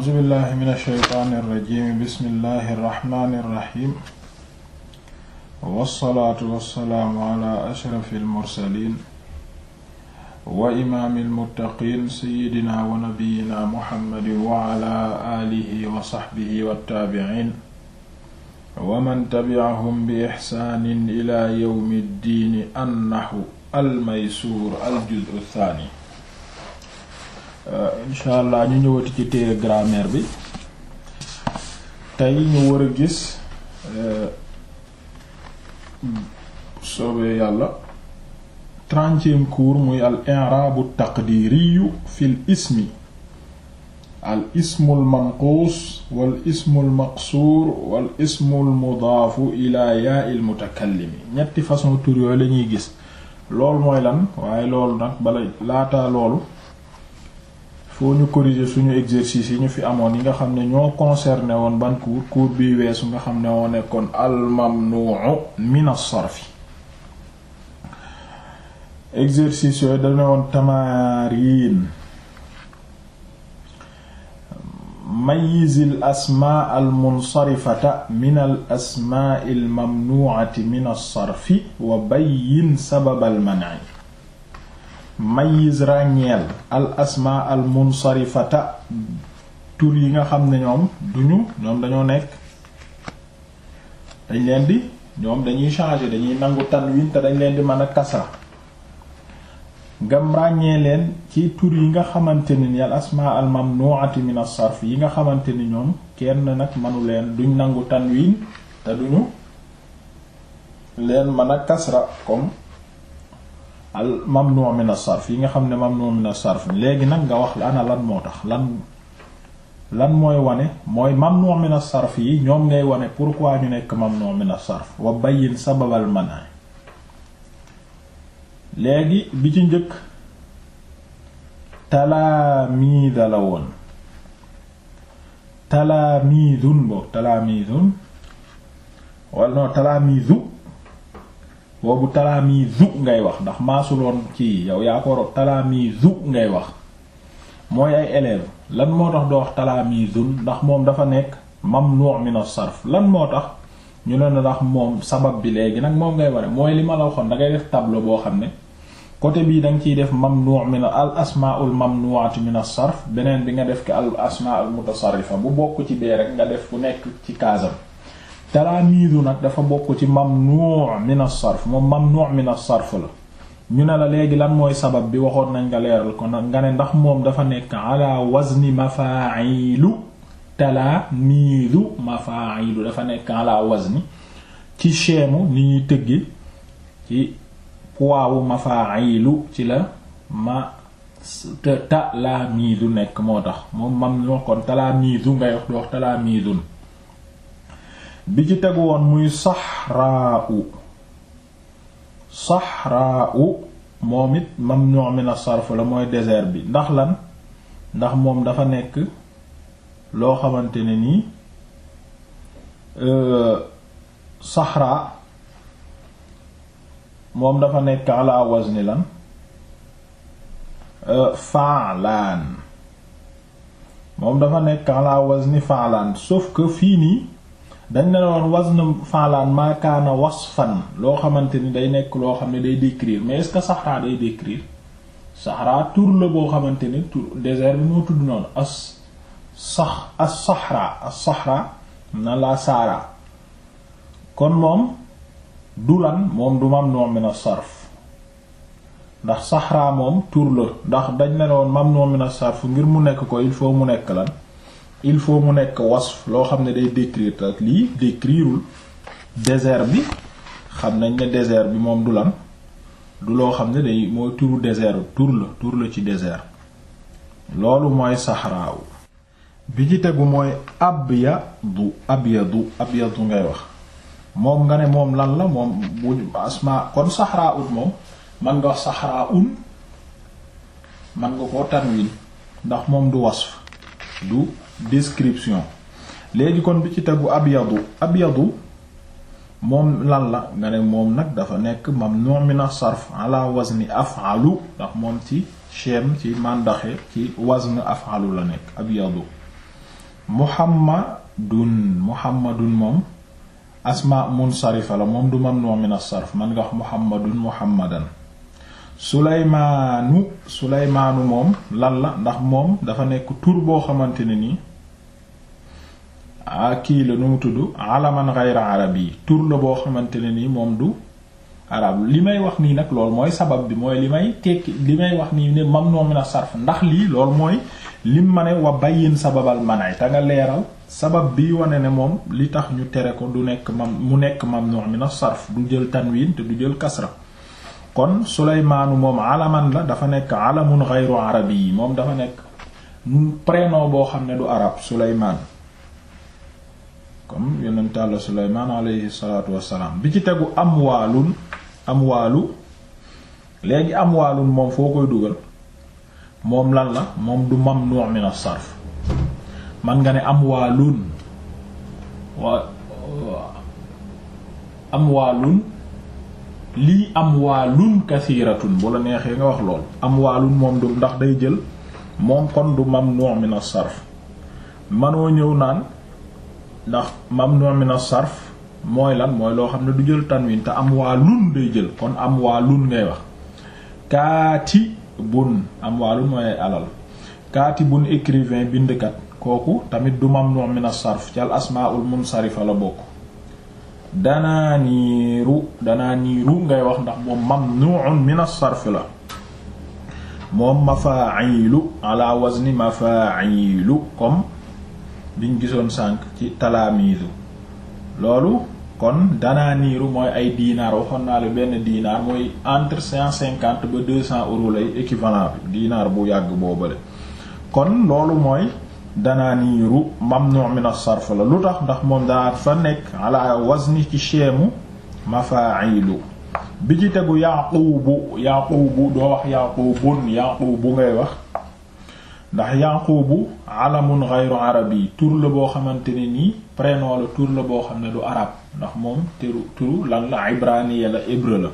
a'uuzu billahi mina shaytaani rajiim bismillahi rahmaani rahiim wassalaatu wassalaamu ala ashrafil mursaliin wa imaamil muttaqiin sayyidinaa wa nabiyyinaa muhammadin wa ala aalihi wa sahbihi wattaabi'iin wa man tabi'ahum bi ihsaanin ilaa yawmi ddiini annahu al-maysuur al-juz'u thaani Euh, insha allah ñu ñëwati ci téere grammaire bi tey ñu war a gis euh, soobee yàlla trentième cours muy al i'rabu taqdiriyu fil ismi al ismul manquus wal ismul maqsuur wal ismul mudaafu ila yaa'il mutakallimi ñetti façon tur yooyu la ñuy gis loolu mooy lan waaye loolu nag bala laataa loolu foo ñu corriger suñu exercice yi ñu fi amoon yi nga xam ne ñoo concerné woon ban cours cours bi weesu nga xam ne moo nekkoon almamnuu min as-sarfi exercice yooyu dana woon tamarin mayizil asmaa al munsarifata min al asmaa al mamnuucati min as-sarfi wa bayyin sabab al manci mayiz ràññeel al asma al munsarifata tur yi nga xam ne ñoom duñu ñoom dañoo nekk dañ leen di ñoom dañuy changer dañuy nangu tanwin te dañ leen di mën a kasra ngam ràññee leen ci tur yi nga xamante ne ni al asma al mamnu'ati min as yi nga xamante ni ñoom kenn nag mënu leen duñ nangu tanwin te duñu leen mën a kasra comme al mamnu min as-sarf yi nga xam ne mamnu min as-sarf léegi nag nga wax ana lan moo tax lan lan mooy wane mooy mamnu min as-sarf yi ñoom ngay wane pourquoi ñu nekk mamnu min as-sarf wa bayyin sababal mana léegi bi ci njëkk talaamiida la woon talaamiidun boobu talaamiidun wala non talaamiidu boobu talaamiizu ngay wax ndax maasuloon ci yow yaa ko waroon talaamiizu ngay wax mooy ay élève lan moo tax doo wax talaami talaamiizun ndax moom dafa nekk mamnu' min as-sarf lan moo tax ñu ne na ndax moom sabab bi léegi nag moom ngay ware mooy li ma la waxoon da ngay def tableau boo xam ne côté bii da nga ciy def mamnu' min al asmaa'ul mamnu'atu min as-sarf beneen bi nga def ki al asmaa'ul mutasarrifa bu bokk ci bee rek nga def bu nekk ci kaasam talaamiidu nag dafa bokk ci mamnu' min as-sarf moom mamnu' min as-sarf la ñu ne la léegi lan mooy sabab bi waxoon nañ nga leeral ko nga ne ndax moom dafa nekk ala wazni mafaa'ilu talaamiidu mafaa'ilu dafa nekk ala wazni ci cheemu ni ñuy tëggi ci poiwu mafaa'ilu ci la ma talaamiidu nekk moo tax moom mamnu' kon talaamiidu ngay wax di wax talaamiidun bi ci tegu woon muy saxraa u saxraa u moom it mamnu' min as-sarf la mooy désert bi ndax lan ndax moom dafa nekk loo xamante ne nii euh, saxraa moom dafa nekk ala wazni lan euh, faalaan moom dafa nekk ala wazni faalaan sauf que fii nii dañ ne woon wazn faalaan maakaana wasfan loo xamante ni day nekk loo xam ne day décrire mais est-ce que saxraa day décrire saxraa tur la boo xamante ni tur désert bi moo tudd noonu as sax as saxraa na la saara kon moom du lan moom du mamnu' min as-sarf ndax saxraa moom tur la ndax dañ ne woon mamnu' min as-sarf ngir mu nekk ko il faut mu nekk lan il faut mu nekk wasf loo xam ne day décrire te lii décrireul désert bi xam nañ ne désert bi moom du lan du loo xam ne day mooy turu désert tur la tur la ci désert loolu mooy saxraaw bi ci tegu mooy abyadu abyadu abyadu ngay wax moom nga ne moom lan la moom bu asma kon saxraa ut moom man nga wax saxraa un man nga ko tanwin ndax moom du wasf du description léegi kon bi ci tegu abyadu abyadu moom lan la nga ne moom nag dafa nekk mamnu min as-sarf ala wazni af'alu ndax moom ci chem ci màndaxe ci wasn af'alu la nekk abyadu muhammadun muhammadun moom asma munsarifa la moom du mamnu min as-sarf man nga wax muhammadun muhammadan suleymaanu suleymaanu moom lan la ndax moom dafa nekk tur boo xamante ne nii ah, kii la nu mu tudd alaman ghayra arabi tur la boo xamante ne nii moom du arab li may wax nii nag loolu mooy sabab bi mooy li may tekki li may wax nii ne mamnu min as-sarf ndax lii loolu mooy lim ma ne wa bayyin sababal manay te nga leeral sabab bii wane ne moom li tax ñu tere ko du nekk mam mu nekk mamnu min as-sarf du jël tanwin te du jël kasra kon Sulaymaanu moom alaman la dafa nekk alamun ghayru arabi yi moom dafa nekk prénom boo xam ne du arab Sulaymaan comme yonent Yàlla Sulaymaan alayhi salaatu wassalaam bi ci tegu amwaalun amwaalu léegi amwaalun moom foo koy dugal moom lan la moom du mamnu' min as-sarf man nga ne amwaalun amwaalun lii amwaalun kathiratun bu la neexee nga wax lool am amwaalun moom du ndax day jël moom kon du mamnu' min as-sarf manoo ñëw naan ndax mamnu' min as-sarf mooy lan mooy loo xam ne du jël tanwin te amwaalun day jël kon amwaalun ngay wax kaatibun amwaalun mooy alal kaatibun écrivain bindkat kooku tamit du mamnu' min as-sarf ci al asmaa'ul munsarifa la bokk danaa niiru danaa niiru ngay wax ndax moom mamnu'un min as-sarf la moom mafaa'ilu ala wazni mafaa'ilu comme biñ gisoon sànq ci talaamiidu loolu kon danaa niiru mooy ay diinaar waxoon naa la benn diinaar mooy entre cent cinquante ba deux cents euros lay équivalent bi diinaar bu yàgg boobale kon loolu mooy danaaniiru mamnu min as-sarf la lu tax ndax moom daa fa nekk ala wazni ci cheemu mafaa'ilu bi ci tegu yaquubu yaquubu doo wax yaquubun bu ngay wax ndax yaquubu alamun ghayru arabi tur la boo xamante ne nii prénom la tur la boo xam ne du arab ndax moom turu turu lan la ibraniya la hébreu la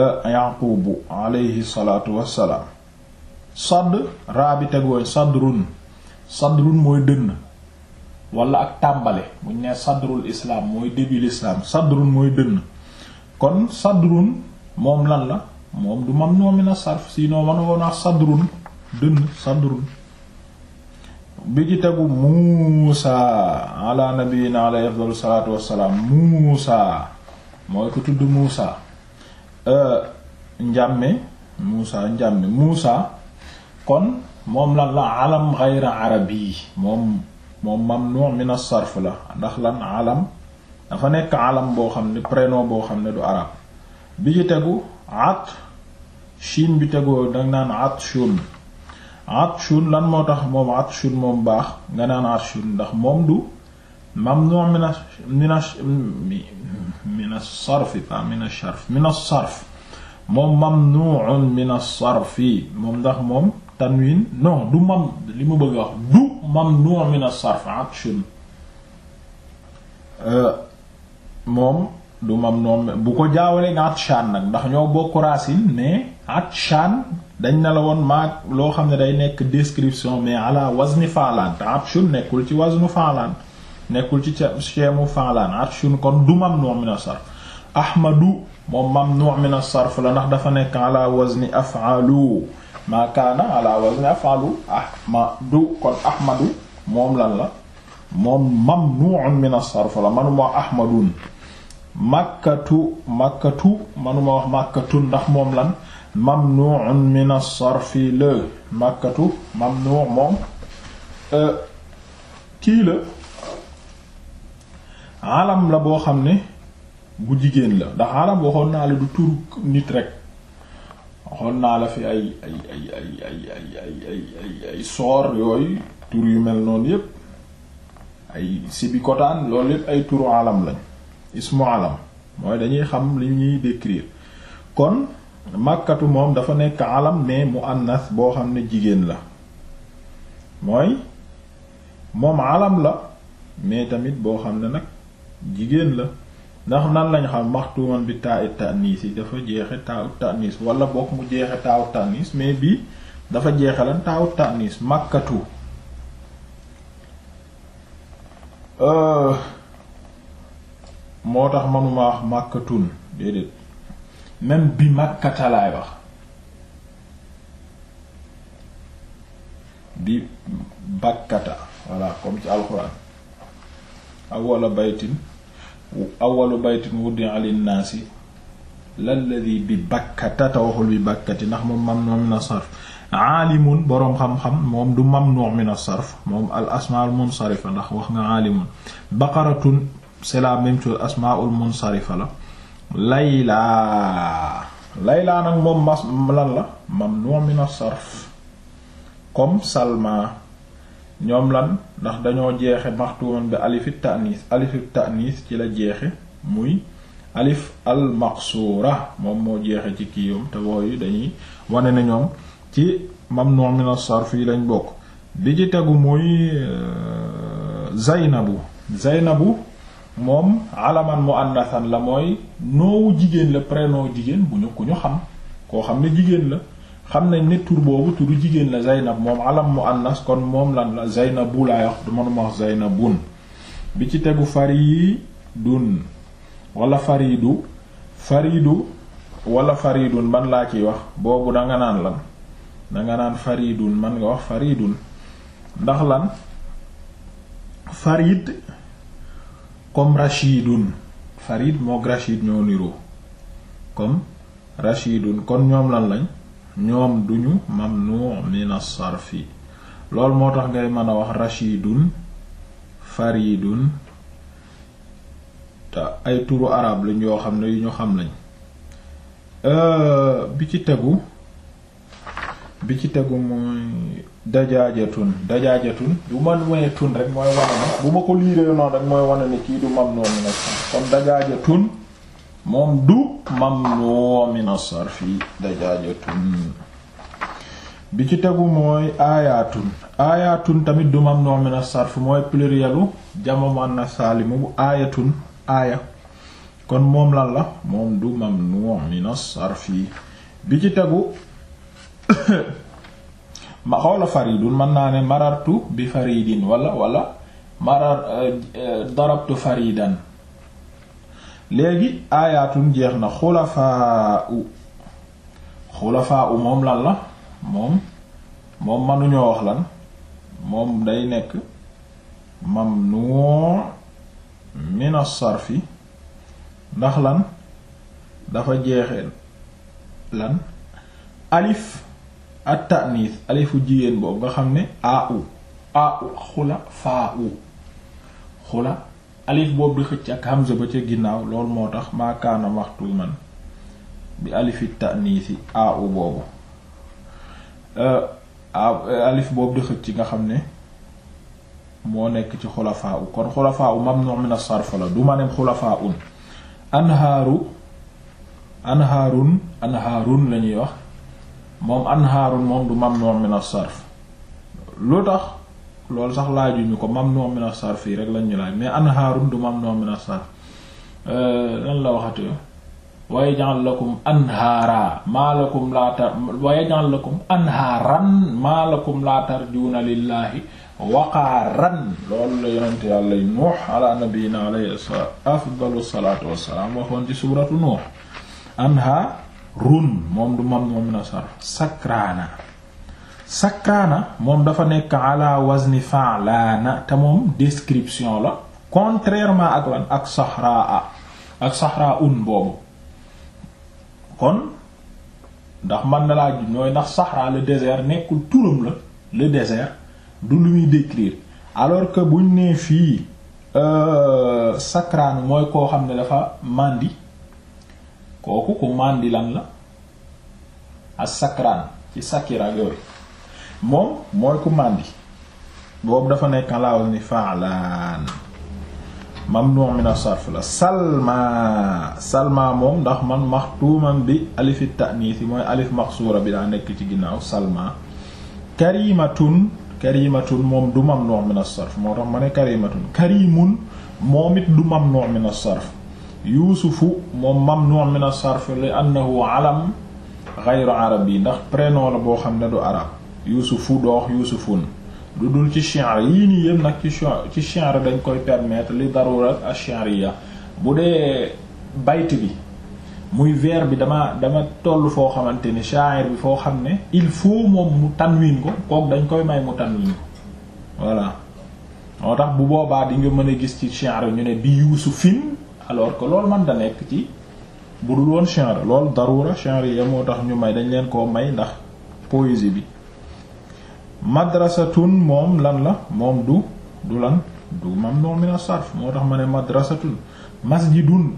euh, yaquubu alayhi salaatu wassalaam sadd raa bi sadrun sadrun mooy dënn wala ak tàmbale buñ nee sadrul islaam mooy début l'islaam sadrun mooy dënn kon sadrun moom lan la moom du mam noo mina sarf sinon man woo naa sadrun dënn sadrun bi ci tegu muusa ala nabiyina alayhi afdalu salaatu wassalaam muusa mooy ko tudd muusa euh, njàmme muusa njàmme muusa kon moom lan la alam ghayra arabi moom moom mamnu min as-sarf la ndax lan alam dafa nekk alam boo xam ne prénom boo xam ne du arab bi ci tegu at shin bi tegoo danga naan at shun at shun lan moo tax moom at shun moom baax nga naan at shun ndax moom du mamnu min min min as-sarf min as-sarf moom mamnu'un min as-sarfi moom ndax moom tanwin non du mam li mu bëgg a du mamnu min as-sarf euh, du mamnu bu ko jaawalee nga atshan nag ndax ñoo bokk racine mais dañ na la woon loo xam ne day nekk description mais ala wazni faalaan te ci waznu faalaan nekkul ci cheemu faalaan atshun kon du mamnu min as-sarf ahmadu moom mamnu min la ndax dafa nekk ala wazni af'alu ma kaana ala wazn afalu ahmadu kon ahmadu moom lan la moom mamnu'un min as-sarf la manuma wax ahmadun makkatu makkatu manuma wax makkatun ndax moom lan mamnu'un min as-sarf la makkatu mamnu' moom euh, kii la alam la boo xam ne bu jigéen la ndax alam waxoon naa la du tur nit rek waxoon naa la fi ay ay ay ay ay ay ay soor yooyu tur yu mel noonu yëpp ay sibikotaan loolu yépp ay turu alam lañ ismu alam mooy dañuy xam li ñuy décrire kon màkkatu moom dafa nekk alam mais mu annas boo xam ne jigéen la mooy moom àllam la mais tamit boo xam ne nag jigéen la ndax nan lañ xam maxtuuman bi taa ut tanis yi dafa jeexe taa ut tanis wala bokk mu jeexe taa ut tanis mais bi dafa jeexe lan taa ut tanis màkkatu euh, moo tax manuma wax màkkatun déedéet même bi màkkata laay wax bi bakkata voilà comme ci alxuraan aw wala baytin awwalu baytin wudi'a linnaasi lalladi bi bakkata waxul bi bakkati ndax moom mamnu min as-sarf aalimun boroom xam-xam moom du mamnu min as-sarf moom al asmaul munsarifa ndax wax nga aalimun baqaratun c'est la même chose asmaul munsarifa la laylaa laylaa nag moom lan la mamnu min as-sarf comme salma ñoom lan ndax dañoo jeexe maxtuman bi alifit ta'nis alifit ta'nis ci la jeexe muy alif al maqsuura moom moo jeexe ci kiiwam te wooyu dañuy wane ne ñoom ci mamnu min as-sarf yi lañ bokk bi ci tegu muy euh, zaynabu zaynabu moom alaman muannathan la mooy noowu jigéen la prénom jigéen bu ñu ku ñu xam koo xam ne jigéen la xam nañ ne tur boobu turu jigéen la Zaynab moom alam muannas kon moom lan la Zaynabu laa wax manuma wax Zaynabun bi ci tegu faridun wala faridu faridu wala faridun ban laa ciy wax boobu danga naan lan danga naan faridun man nga wax faridun ndax lan farid comme rashidun farid mook rashid ñoo niroo comme rashidun kon ñoom lan lañ ñoom duñu mamnu min as fii loolu moo tax ngay mën a wax rashidun faridun te ay turu arab lañ yoo xam ne yu ñu xam lañ euh, bi ci tegu bi ci tegu mooy dajaajatun dajaajatun bu ma wonee tun rek mooy wane ne bu ma ko liiree noonu rek mooy wane ne kii du mamnu min as-sarfi kon dajaajatun moom du mamnu min as-sarfi dajaajatun bi ci tegu mooy aayatun aayatun tamit du mamnu min as-sarf mooy plurielu jamu muannas saalimu bu aayatun aaya kon moom lan la moom du mamnu min as-sarfi bi ci tegu ma xawla faridun mën naa ne marartu bi faridin walla walla marar eh, eh, darabtu faridan léegi aayaatum jeex na xulafaa u xulafaa u moom lan la moom moom mënuñoo wax lan moom day nekk mamnu min as-sarfi ndax lan dafa jeexeen lan alif at ta'nis alifu jigéen boobu nga xam ne a u a u u xula alif boobu di xëcc ak hamza ba ca ginnaaw loolu moo tax maa waxtu maxtuuman bi alifi ta'niisi aau boobu alif boobu di xëcc nga xam ne moo nekk ci xulafaa u kon xulafaa u mamnu min as-sarf la du ma nem xulafaa un anhaaru anhaarun anhaarun la ñuy wax moom anhaarun moom du mamnu min as-sarf lu tax loolu sax laa laajuñu ko mamnu mina sarf fii rek lañ ñu laaj mais anhaarun du mamnu mina sarf euh, lan la waxate wa yaj'al lakum anhaara maa lakum laa tar wa yaj'al lakum anhaaran maa lakum laa tarjuuna lillaahi waqaaran loolu la yonente yàlla nuux ala nabiina alayhi afdalu salaatu wassalaam waxoon ci suuratu nuux anhaarun moom du mamnu mina sarf sakraana sakkaana moom dafa nekk ala wazni fa'lana te moom description la contrairement ak lan ak sahraa ak sahraa un boobu kon ndax man na laa ñooy ndax sahraa le désert nekkul turam la le désert du lu décrire alors que buñ nee fii euh, sakraanu mooy koo xam ne dafa màndi kooku ku màndi lan la ak sakraan ci sakira yooyu moom mooy ku màndi boobu dafa nekk laaw ni faalaan mamnu min as-sarf la salma salma moom ndax man maxtuuman bi alifi ta'niisi mooy alif maxsuura bi daa nekk ci ginnaaw salma karimatun karimatun moom du mamnu min as-sarf moo tax ma ne karimatun karimun moom it du mamnu min as-sarf yuusufu moom mamnu min as-sarf li annahu alam ghayru arabi ndax prénom la boo xam ne du arab yuusufu doox yuusufun lu dul ci shi'r yii nii yëpp nag ci ci shi'r dañ koy permettre li darurat chair shiriya bu dee bayt bi muy ver bi dama dama toll foo xamante ni sha'ir bi foo xam ne il faut moom mu tanwin ko kook dañ koy may mu tanwin ko voilà moo tax bu boobaa di nga mën a gis ci shi'r ñu ne bi yuusufin alors ko loolu man da nekk ci bu dul woon shi'r loolu darura shi'riya moo tax ñu may dañ leen koo may ndax poésie bi madrasatun moom lan la moom du du lan du mamnu min as-sarf moo tax ma ne madrasatun masjidun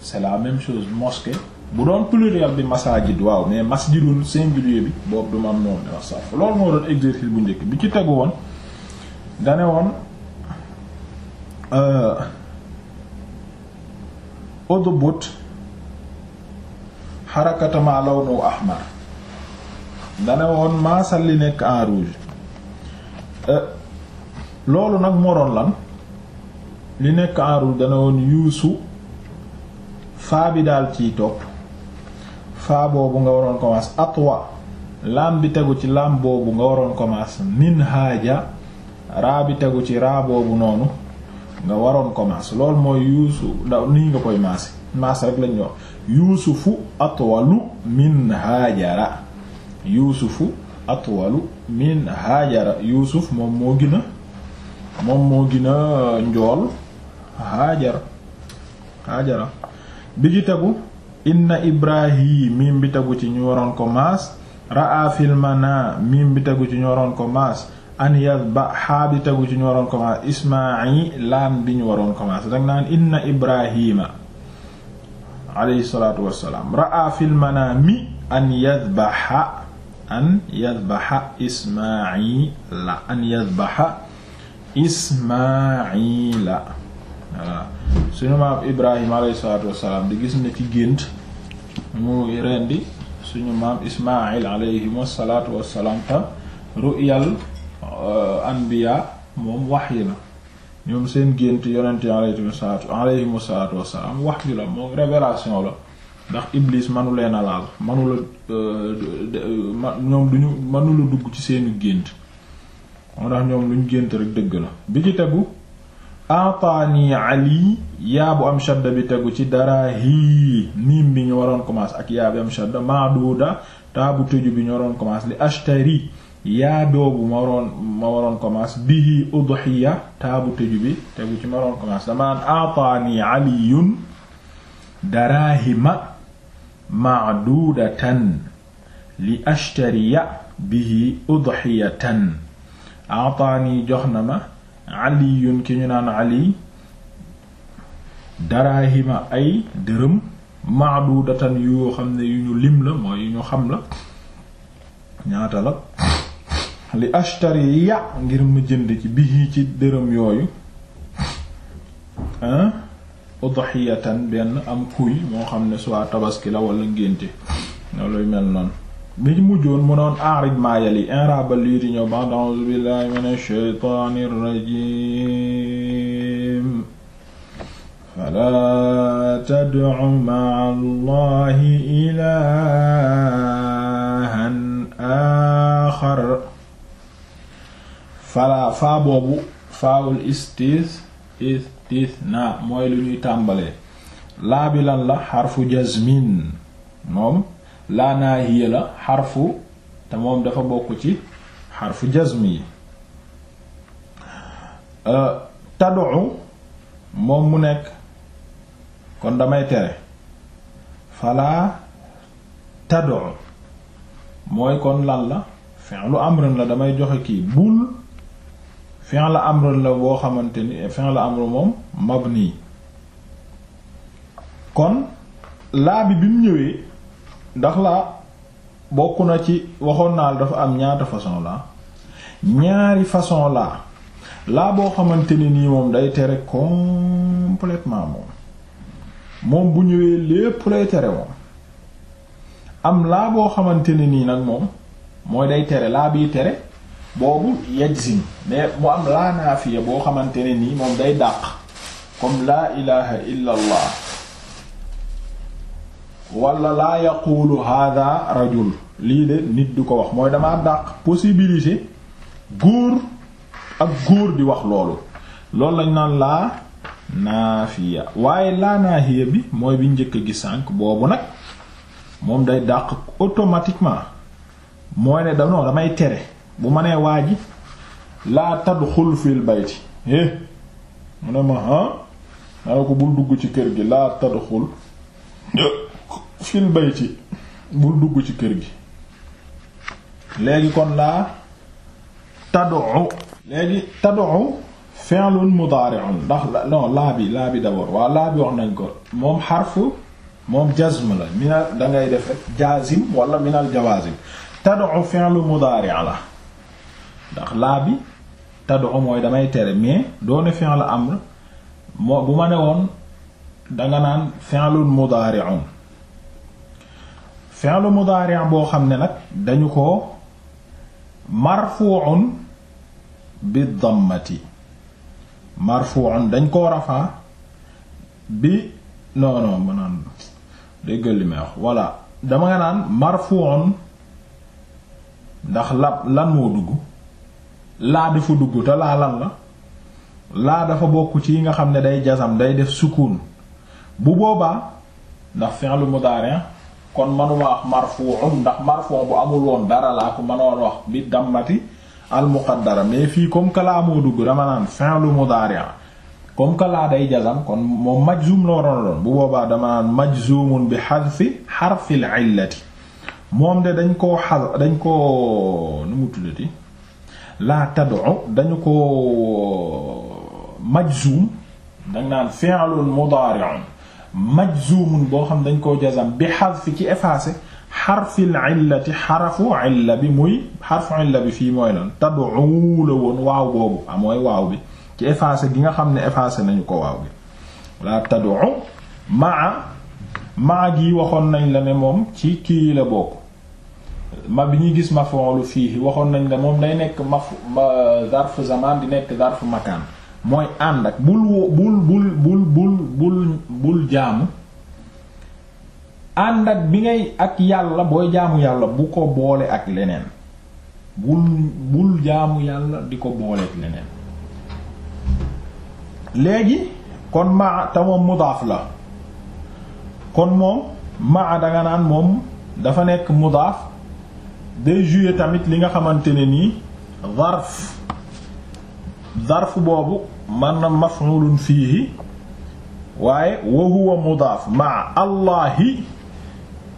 c'est la même chose mosquée bu doon pluriel bi masajid waaw mais masjidun singulier bi boobu du mamnu min as-sarf loolu moo doon exercice bu njëkk bi ci tegu woon dane woon euh, udbut xarakatama ahmar dane woon maasal li nekk en rouge euh, loolu nag moo doon lan li nekk en rouge dane woon yuusu faa bi daal ciy topp faa boobu nga waroon commencer atwa laam bi tegu ci laam boobu nga waroon commencer minhaaja raa bi tegu ci raa boobu noonu nga waroon commencer lool mooy yuusu ndaw nii nga koy maase maase rek lañu wax yuusufu atwalu minhaajara yuusufu atwalu min haajara yuusuf moom moo gën moom moo gina a njool haajara haajara bi ci tegu inna ibrahim miim bi tegu ci ñu waroon ko maas raa filmana miim bi tegu ci ñu waroon ko maas an yadba xaa bi tegu ci ñu waroon ko maas ismail laan bi ñu waroon ko maas dag naan inna ibrahima alayhi filmana mi an yadbaxa an yadbaxa ismaila an yadbaxa ismaila voilà suñu maam ibrahim alayhi salatu wasalaam di gis na ci gént mu rendi suñu maam ismail alayhim wasalatu ru'yal euh, anbiya moom wahyi la ñoom seen gént yonente alayhim wasalatu alayhim wasalatu wasalaam wahyi la moom révélation la ndax iblis manu leen a laal manula euh, ñoom duñu manula dugg ci seeni gént moo tax ñoom luñ gént rek dëgg la bi ci tegu ataani ali yaa bu am shadda bi tegu ci dara hii niim bi ñu waroon commence ak yaa bi am shadda maaduuda taabu bu tëju bi ñu waroon commence li ashtari yaa boobu ma waroon commence bihi udhiya taabu tëju bi tegu ci ma waroon commence damaan ataani aliyun darahima macduudatan li ashtariya bihi udxiyatan ataani jox na ma caliyun ki ñu naan cali daraahima ay dërëm macduudatan yoo xam ne yu ñu lim la mooy yu ñu xam la ñaata la li ashtariya ngir mu jënd ci bihi ci dërëm yooyu udhiyatan benn am kuy moo xam ne soit tabaski la wala ngénte loolu mel noonu bi ñu mujjoon mu noon aarid maa yali inrabal lii di ñëw ba'd a'uuzu billahi minash shaytaanir rajiim falaa tad'u ma'a allahi ilaahan aaxar falaa faa boobu faawul istis naa mooy lu ñuy tàmbalee laa bi lan la xarfu jazmin moom laa naahiya la xarfu te moom dafa bokk ci xarfu jazmi yi euh, tad'u moom mu nekk kon damay tere fala tad'u mooy kon lan la fi'lu amrin la damay joxe kii bul fi'l amr la boo xamante ni fi'l amr moom nii kon laa bi bi mu ñëwee ndax laa bokk na ci waxoon naa la dafa am ñaata façon laa ñaari façon laa laa boo xamante ni nii moom day tere complètement moom moom bu ñëwee lépp lay tere moom am laa boo xamante ni nii nag moom mooy day tere laa biy tere boobu yajzim mais mu am laa naafiya boo xamante ne nii moom day dàq comme laa ilaha illa allah wala laa yaqulu hadha rajul lii de nit du ko wax mooy damaa dàq possibilité góor ak góor di wax loolu loolu lañ naan laa naafiya waaye laa naahiya bi mooy bi njëkk a gis sànq boobu nag moom day dàq automatiquement mooy ne danoo damay tere bu ma nee waa ji laa tadxul fil bayti eh mu ne ma ah ma ko bul dugg ci kër gi laa tadxul fil bayti bul dugg ci kër gi léegi kon laa tad'u léegi tad'u fi'lun mudari'un ndax non laa bi laa bi d'abord waaw laa bi wax nañ ko moom xarfu moom jazm la minal dangay def rek jazim wala minal jawazim tad'u fi'lun mudari'a la ndax laa bi taddu mooy damay tere mais doone la amr moo bu ma ne woon danga naan fi'lun mudari'un fi'lu mudari' boo xam ne nag dañu ko marfu'un bi dammati marfu'un dañ ko rafaa bi non non ma naan déggal dama nga naan marfu'un ndax la lan moo dugg laa dafa dugg te laa lan la laa dafa bokk ci yi nga xam ne day jasam day def sukun bu boobaa ndax fi'lu mudari' ah, kon manuma wax ndax marfu' bu amul woon dara laa ko mënoon wax bi dammati al muqaddara mais fii comme que laa moo dugg dama naan fi'lu mudari' ah. comme que laa day jazam kon moom majzum la waroon doon bu boobaa dama naan majzumun bi hadfi harfil illati moom de dañ koo xas dañ koo nu mu tuddati laa tad'u dañu ko majzum dañ naan fi'lun mudari'un majzumun boo xam dañ koo jazam bi hadfi ci effacé xarfil illati xarafu illa bi muy xarfu illa bi fii mooy lan tad'u la woon waaw boobu ah mooy waaw bi ci effacé gi nga xam ne effacé nañu ko waaw bi laa tad'u maa maa gi waxoon nañ la ne moom ci kii la bokk ma bi ñuy gis maf'ul fihi waxoon nañ la moom lay nekk maf zarf zaman di nekk zarf makaan mooy ànd ak bul bul bul bul bul bul bul jaamu ànd ak bi ngay ak yàlla booy jaamu yàlla bu ko boole ak leneen bul bul jaamu yàlla di ko boole ak leneen léegi kon ma te moom mudaaf la kon moom maa danga naan moom dafa nekk mudaaf day jouer tamit li nga xamante ne nii zarf zarf boobu man na maf'ulun fiihi waaye wa huwa mudaaf maa allahi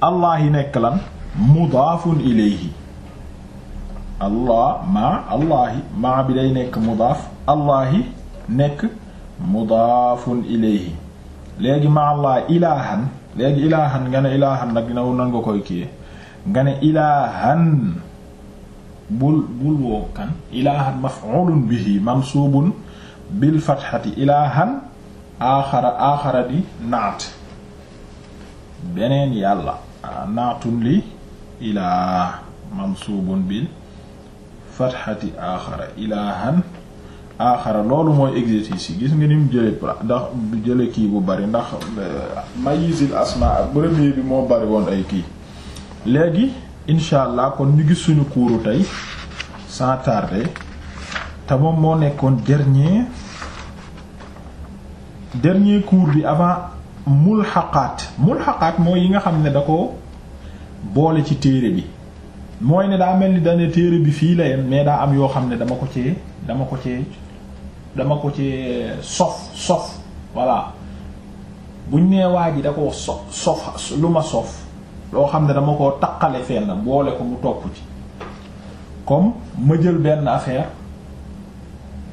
allahi nekk lan mudaafun ilayhi allah maa allahi maa bi day nekk mudaaf allahi nekk mudaafun ilayhi léegi ma allah ilaahan léegi ilaahan nga ne ilaahan nag naw nan koy kiye nga ne ilaahan bul bul woo kan ilaahan maf'ulun bihi mansuubun bil fatxati ilaahan aaxara aaxara di naat beneen yàlla naatun li ilaah mansuubun bil fatxati aaxara ilaahan aaxara loolu mooy exercice yi gis nga ni mu jële ndax kii bu bari ndax euh, mayisil asmaa ak bi moo bari woon ay kii léegi incha allah kon ñu gis suñu kuuru tey sans tarder te moom moo nekkoon dernier dernier cours bi avant mulxaqaat mulxaqaat mooy yi nga xam ne da ko boole ci téere bi mooy ne daa mel ni dane téere bi fii la yem mais daa am yoo xam ne dama ko ci dama ko ci dama ko ci sof sof voilà buñ nee waa ji da ko sof sof lu ma sof loo xam ne dama koo taqale fenn boole ko mu topp ci comme ma jël benn affaire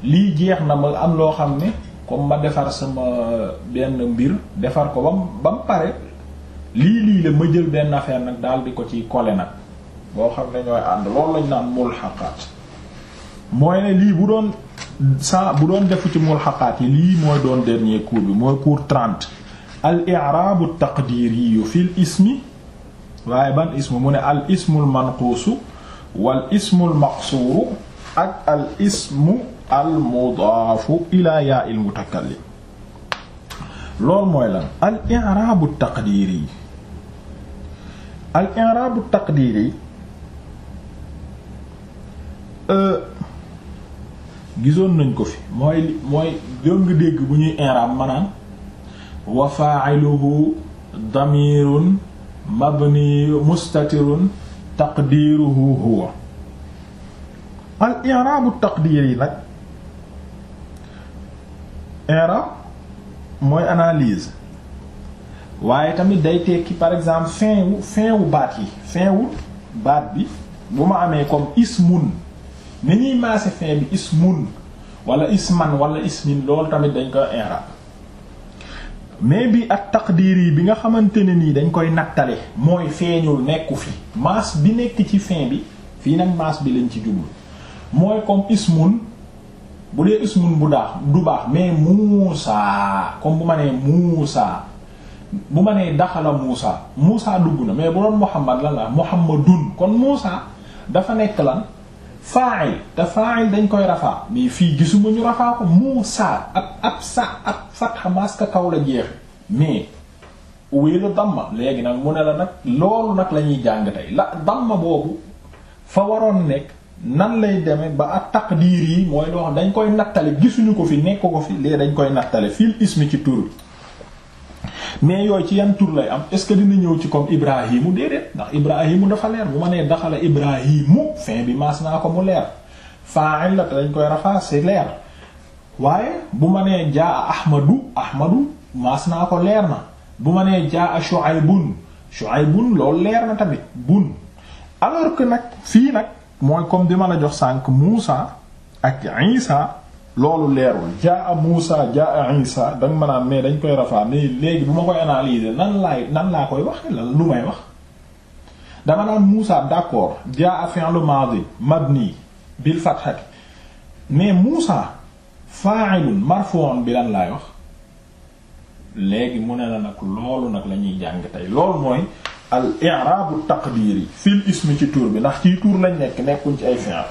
lii jeex na ma am loo xam ne comme ma defar sama benn mbir defar ko bam ba mu pare lii lii la ma jël benn affaire nag daal di ko ci kole nag boo xam ne ñooy ànd loolu lañ naan mulhaqaat mooy ne lii bu doon sa bu doon defu ci mulhaqaat yi lii mooy doon dernier cours bi mooy cours 30 al i'rabu taqdiri yu fil ismi waaye ban ismu mu ne al ismul manquusu wal ismul maqsuuru ak al ismu al mudaafu ilaa yaa il mutakallim loolu mooy lan al i'raabu taqdiiri al i'raabu taqdiiri euh, gisoon nañ ko fi mooy mooy dëng dégg bu ñuy i'raab maanaam wa faa'iluhu damirun mabni mustatirun taqdiruhu huwa al i'raabu taqdiir yi nag i'raab mooy analyse waaye tamit day tekki par exemple fin fin wu baat yi fin wu baat bi bu ma amee comme ismun ni ñuy maase fin bi ismun wala isman wala ismin loolu tamit dañ koy i'raab mais bi ak taqdiir yi bi nga xamante ne nii dañ koy nattale mooy feeñul nekku fi maas bi nekk ci fin bi fii nag maas bi lañ ci jublu mooy comme ismun bu dee ismun bu daax du baax mais Muusaa comme bu ma nee Muusaa bu ma nee daxala Muusaa Muusaa dugg na mais bu doon Muhammad lan la Muhammadun kon Muusaa dafa nekk lan fa'il te fa'il dañ koy rafaa mais fii gisuma ñu rafaa ko Muusa ab ab sa ab fatha maska kaw la jeex mais wéelu damma léegi nag mu ne la nag loolu nag la ñuy jàng tey la damma boobu fa waroon nekk nan lay demee ba ak taqdiir yi mooy loo dañ koy nattale gisuñu ko fi nekk ko fi léegi dañ koy nattale fil ismi ci tur mais yooyu ci yan tur lay am est-ce que dina ñëw ci comme ibrahimu déedéet ndax ibrahimu dafa leer bu ma nee daxala ibrahimu fin bi maas naa ko mu leer fa'il la te dañ koy rafaa c'est leer waaye bu ma nee jaa ahmadu ahmadu maas naa ko leer na bu ma nee jaa shu'aybun shu'aybun loolu leer na tamit bun alors que nag fii nag mooy comme di ma la jox sànq Muusa ak Isa loolu leerul jaa Muusa jaa Isa danga ma naan mais dañ koy rafaa mais léegi bu ma koy analyser nan laay nan laa koy waxe la lu may wax dama naan Muusa d'accord jaa fi'lu maadi mabni bil fathati mais Muusa fa'ilun marfu'un bi lan laay wax léegi mu ne la nag loolu nag la ñuy jàng tey loolu mooy al i'raabu taqdiri fil ismi ci tur bi ndax ci tur lañ nekk nekkul ci ay fi'l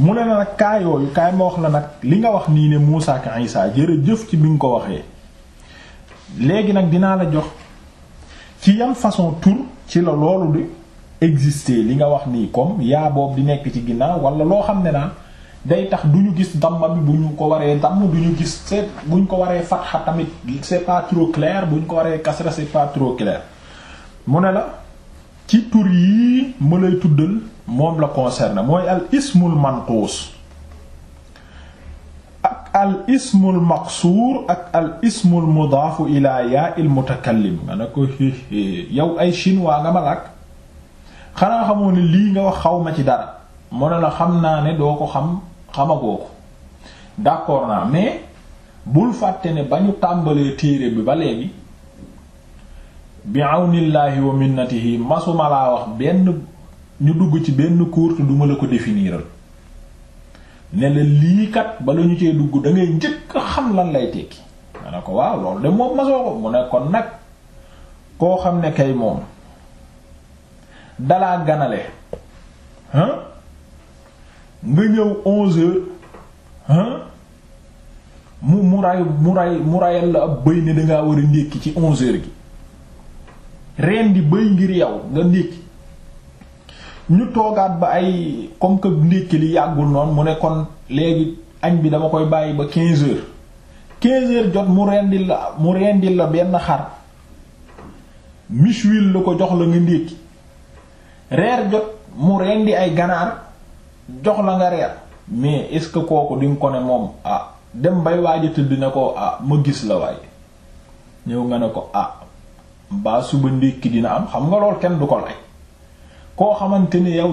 mu ne la nag kaa yooyu kaay ma wax la nag li nga wax nii ne Muusaa ak Isaa jëf ci bi nga ko waxee léegi nag dinaa la jox ci yan façon tur ci la loolu di exister li nga wax nii comme yaa boobu di nekk ci ginnaaw wala loo xam ne naa day tax duñu gis damma bi bu ñu ko waree damm duñu gis c'est bu ko waree fatxa tamit c'est pas trop clair bu ñu ko waree kasra c'est pas trop mu ne la ci tur yii ma lay tuddal moom la na mooy al ismul manquus ak al ismul maqsuur ak al ismul mudaafu ilaa yaa il mutakallim nga ne ko yow ay chinois nga ma làkk xanaa xamoo ne lii nga wax xaw ma ci dara mu ne la xam naa ne doo ko xam xamagoo ko d'accord naa mais bul fàtte ne ba ñu tàmbalee téere bi ba léegi bi awnillaahi wa minnatihi masuma laa wax benn ñu dugg ci benn cours te duma la ko définiral ne la lii kat bala ñu cee dugg da ngay njëkk xam lan lay tekki ma ne ko waaw loolu de moom masoo ko mu nekkoon nag koo xam ne kay moom dalaa ganale hein nga ñëw onze heures hein mu mu ray mu ray mu rayal la ab bëy ne dangaa war a ndékki ci onze heures gi reen di bëy ngir yow nga ndékki ñu toogaat ba ay comme que ndékki li yàggul noonu mu ne kon léegi añ bi dama koy bàyyi ba quinze heures quinze heures jot mu rendil la mu rendil la benn xar michwil la ko jox la nga ndékki reer jot mu rendi ay ganaar jox la nga reer mais est-ce que kooku dinga ko ne moom ah dem bay waaja tëdd ne ko ah ma gis la waaye ñëw nga ne ko ah mbaa suba ndékki dina am xam nga lool kenn du ko lay koo xamante ni yow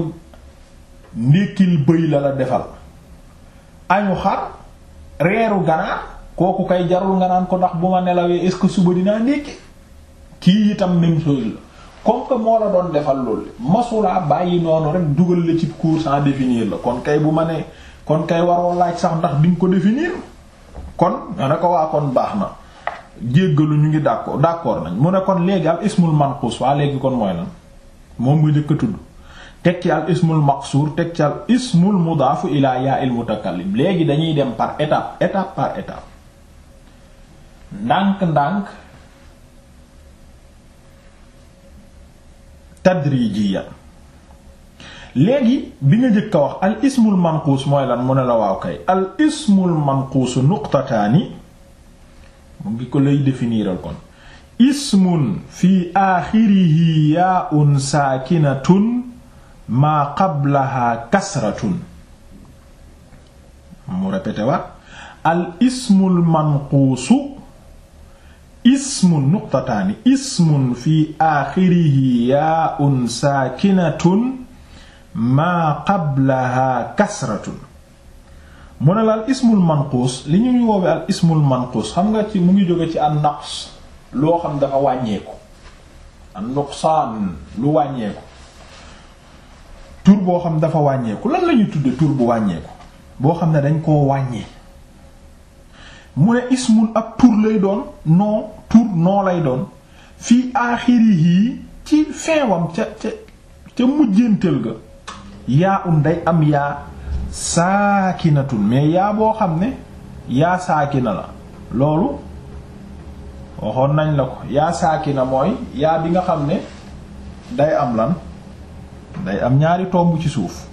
ndékkil bëy la la defal añu xar reeru ganaar kooku kay jarul nga naan ko ndax bu ma nelawee est-ce que suba dinaa ndékki kii itam même chose la comme que la doon defal loolu masulaa bàyyi noonu rek dugal la ci cours sans définir la kon kay bu ma ne kon kay waroo laaj sax ndax bi nga ko définir kon nga ne ko waa kon baax na jéggalu ñu ngi d'accord d'accord nañ mu ne kon léegi al ismul manqus waa léegi kon mooy lan moom muy njëkk tudd teg ci al ismul maqsuur teg ci al ismul mudaafu ilaa yaa il mutakallim léegi dañuy dem par étape étape par étape ndànk-ndànk tadrijiya léegi bi nga njëkk a wax al ismul manquus mooy lan mu ne la waaw kay al ismul manquusu nuqtataani mu ngi ko lay définiral kon ismun fi aaxirihi yaa'un saakinatun maa qablaha kasratun mu répété waat al ismul manquusu ismun ism fi aaxirihi yaa'un saakinatun maa qablaha kasratun mu ne la al ismul manquus li ñuy woowe al ismul manquus xam nga ci mu ngi jóge ci an naqs loo xam dafa wàññeeku ndox nuqsaan lu wàññeeku tur boo xam dafa wàññeeku lan lañu tudde tur bu wàññeeku boo xam ne dañ koo wàññee mu ne ismun ab tur lay doon noo tur noo lay doon fii aaxirihi ci feewam ca ca ca mujjantal ga yaa un day am yaa saakinatun mais yaa boo xam ne yaa saakina la loolu waxoon nañ la ko yaa na mooy yaa bi nga xam ne day am lan day am ñaari tomb ci suuf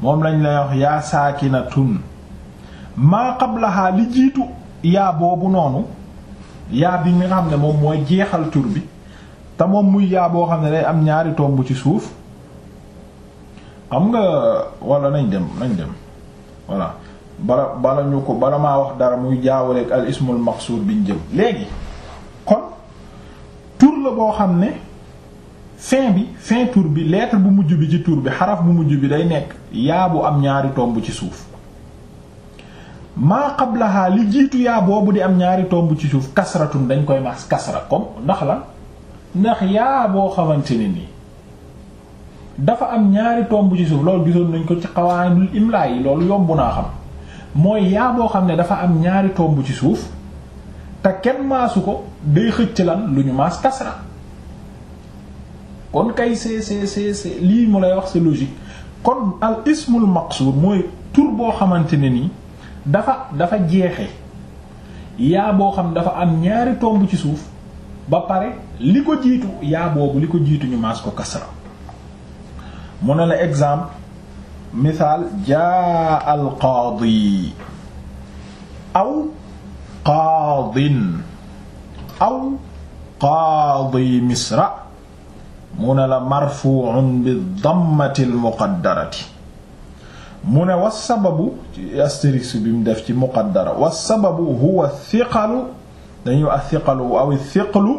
moom lañ lay wax yaa na tun maa qablaha li jiitu yaa boobu noonu yaa bi nga xam ne moom mooy jeexal tur bi te moom muy yaa boo xam ne day am ñaari tomb ci suuf xam nga wala nañ dem nañ dem voilà bala balañu ko bala maa wax dara muy jaawaleeg al ismul maqsuud biñ jëm léegi tur la boo xam ne fin bi fin tur bi lettre bu mujj bi ci tur bi xaraf bu mujj bi day nekk yaa bu am ñaari tomb ci suuf maa qablaha li jiitu yaa boobu di am ñaari tomb ci suuf kasratun dañ koy mas kasra comme ndax la ndax yaa boo xamante ne nii dafa am ñaari tomb ci suuf loolu gisoon nañ ko ci qawaanul imla yi loolu yomb naa xam mooy yaa boo xam ne dafa am ñaari tomb ci suuf te kenn maasu ko day xëcc lan lu ñu maas kasra kon kay c'est c'est c'est lii mu lay wax c'est logique kon al ismul maqsuur mooy tur boo xamante ne nii dafa dafa jeexe yaa boo xam dafa am ñaari tomb ci suuf ba pare li ko jiitu yaa boobu li ko jiitu ñu maas ko kasra mu ne la exemple misaal jaa al qaadi aw qaadin aw qaadi misra mu ne la marfu'un bi dammati almuqaddarati mu ne wa sababu ci astérisque bi mu def ci muqaddara wa sababu huwa thiqalu dañu athiqalu aw thiqlu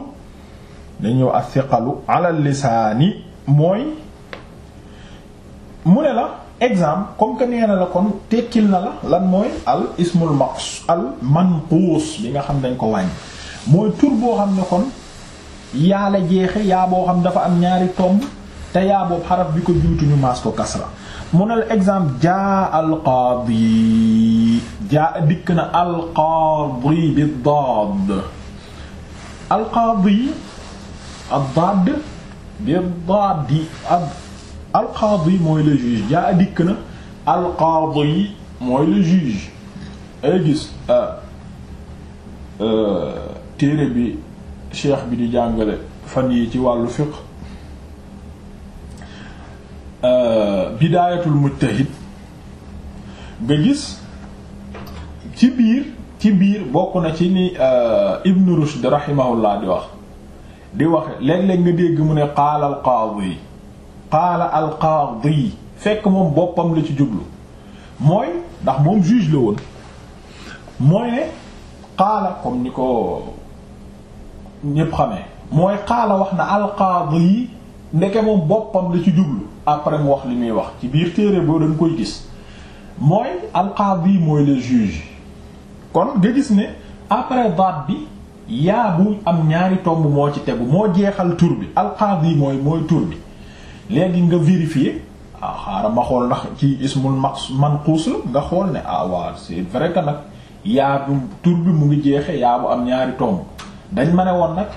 dañu athiqalu ala lisaani mooy mu ne la exemple comme que nee na la kon tekkil na la lan mooy al ismul maqs al manquus bi nga xam dañ ko wàññi mooy tur boo xam ne kon yaa la jeexe yaa boo xam dafa am ñaari tomb te yaa boobu xaraf bi ko juutu ñu maas ko kasra mu ne exemple jaa al qaadi jaa dikk na al qaadi bi daad al daad bi daadi ad alqaadi mooy le juge jaa dikk na alqaadi mooy le juge ay gis ah, ah, téere bi cheikh bi di jàngale fan yi ci wàllu fiqh ah, bidaayatul mujtahid nga gis ci biir ci biir bokk na ci ni Ibn Rushd rahimahullah di wax di wax léeg-léeg nga dégg mu ne qaala al qaadi qaala alqaadi fekk moom boppam la ci jublu mooy ndax moom juge la woon mooy ne qaala comme ni ko ñépp xamee mooy qaala wax na alqaadi ndeke moom boppam la ci jublu après mu wax li muy wax ci biir téere boo dañ koy gis mooy alqaadi mooy le juge kon nga gis ne après baat bi yaa bu am ñaari tomb moo ci tegu moo jeexal tur bi alqaadi mooy mooy tur bi léegi nga vérifier ah xaaral ma xool ndax ci ismul maqs manquus la nga xool ne ah waaw c'est vrai que nag yaa bu tur bi mu ngi jeexe yaa bu am ñaari tomb dañ ma ne woon nag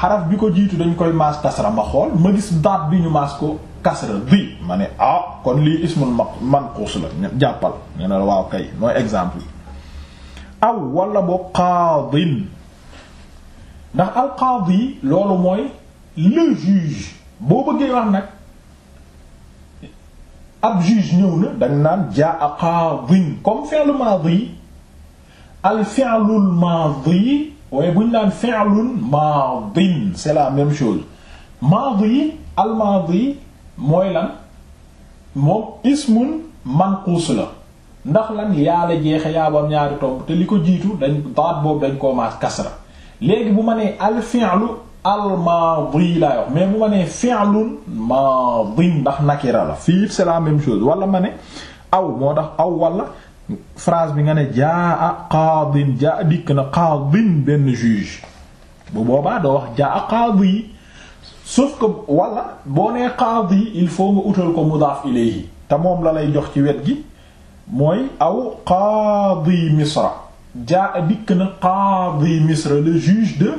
xaraf bi ko jiitu dañ koy maas kasra ma xool ma gis daat bi ñu maas ko kasra bi ma ne ah kon lii ismul manquus la jàppal ne la waaw kay mooy exemple yi aw wala boo qaadin ndax al qaadi loolu mooy le juge boo bëggee wax nag ab juge ñëw na dañ naan jaa qaadin comme fi'l maadi al fi'lul maadi waaye bu ñu naan fi'lun maadin c'est la même chose maadi al maadi mooy lan moom ismun manquus la ndax lan yaa la jeexe yaa bam ñaari tomb te li ko jiitu dañ baat boobu dañ koo maas kasra léegi bu ma nee al fi'lu al-maadi laa wax mais bu ma nee fi'lun maadin ndax nakira la fii it c'est la même chose wala ma ne aw moo tax aw wala phrase bi nga ne jaa qaadin jaa dikk na qaadin benn juge bu boobaa doo wax jaa qaadi sauf que wala boo nee qaadi il faut nga utal ko mudaaf ilayhi te moom la lay jox ci wet gi mooy aw qaadi misra jaa dikk na qaadi misra le juge de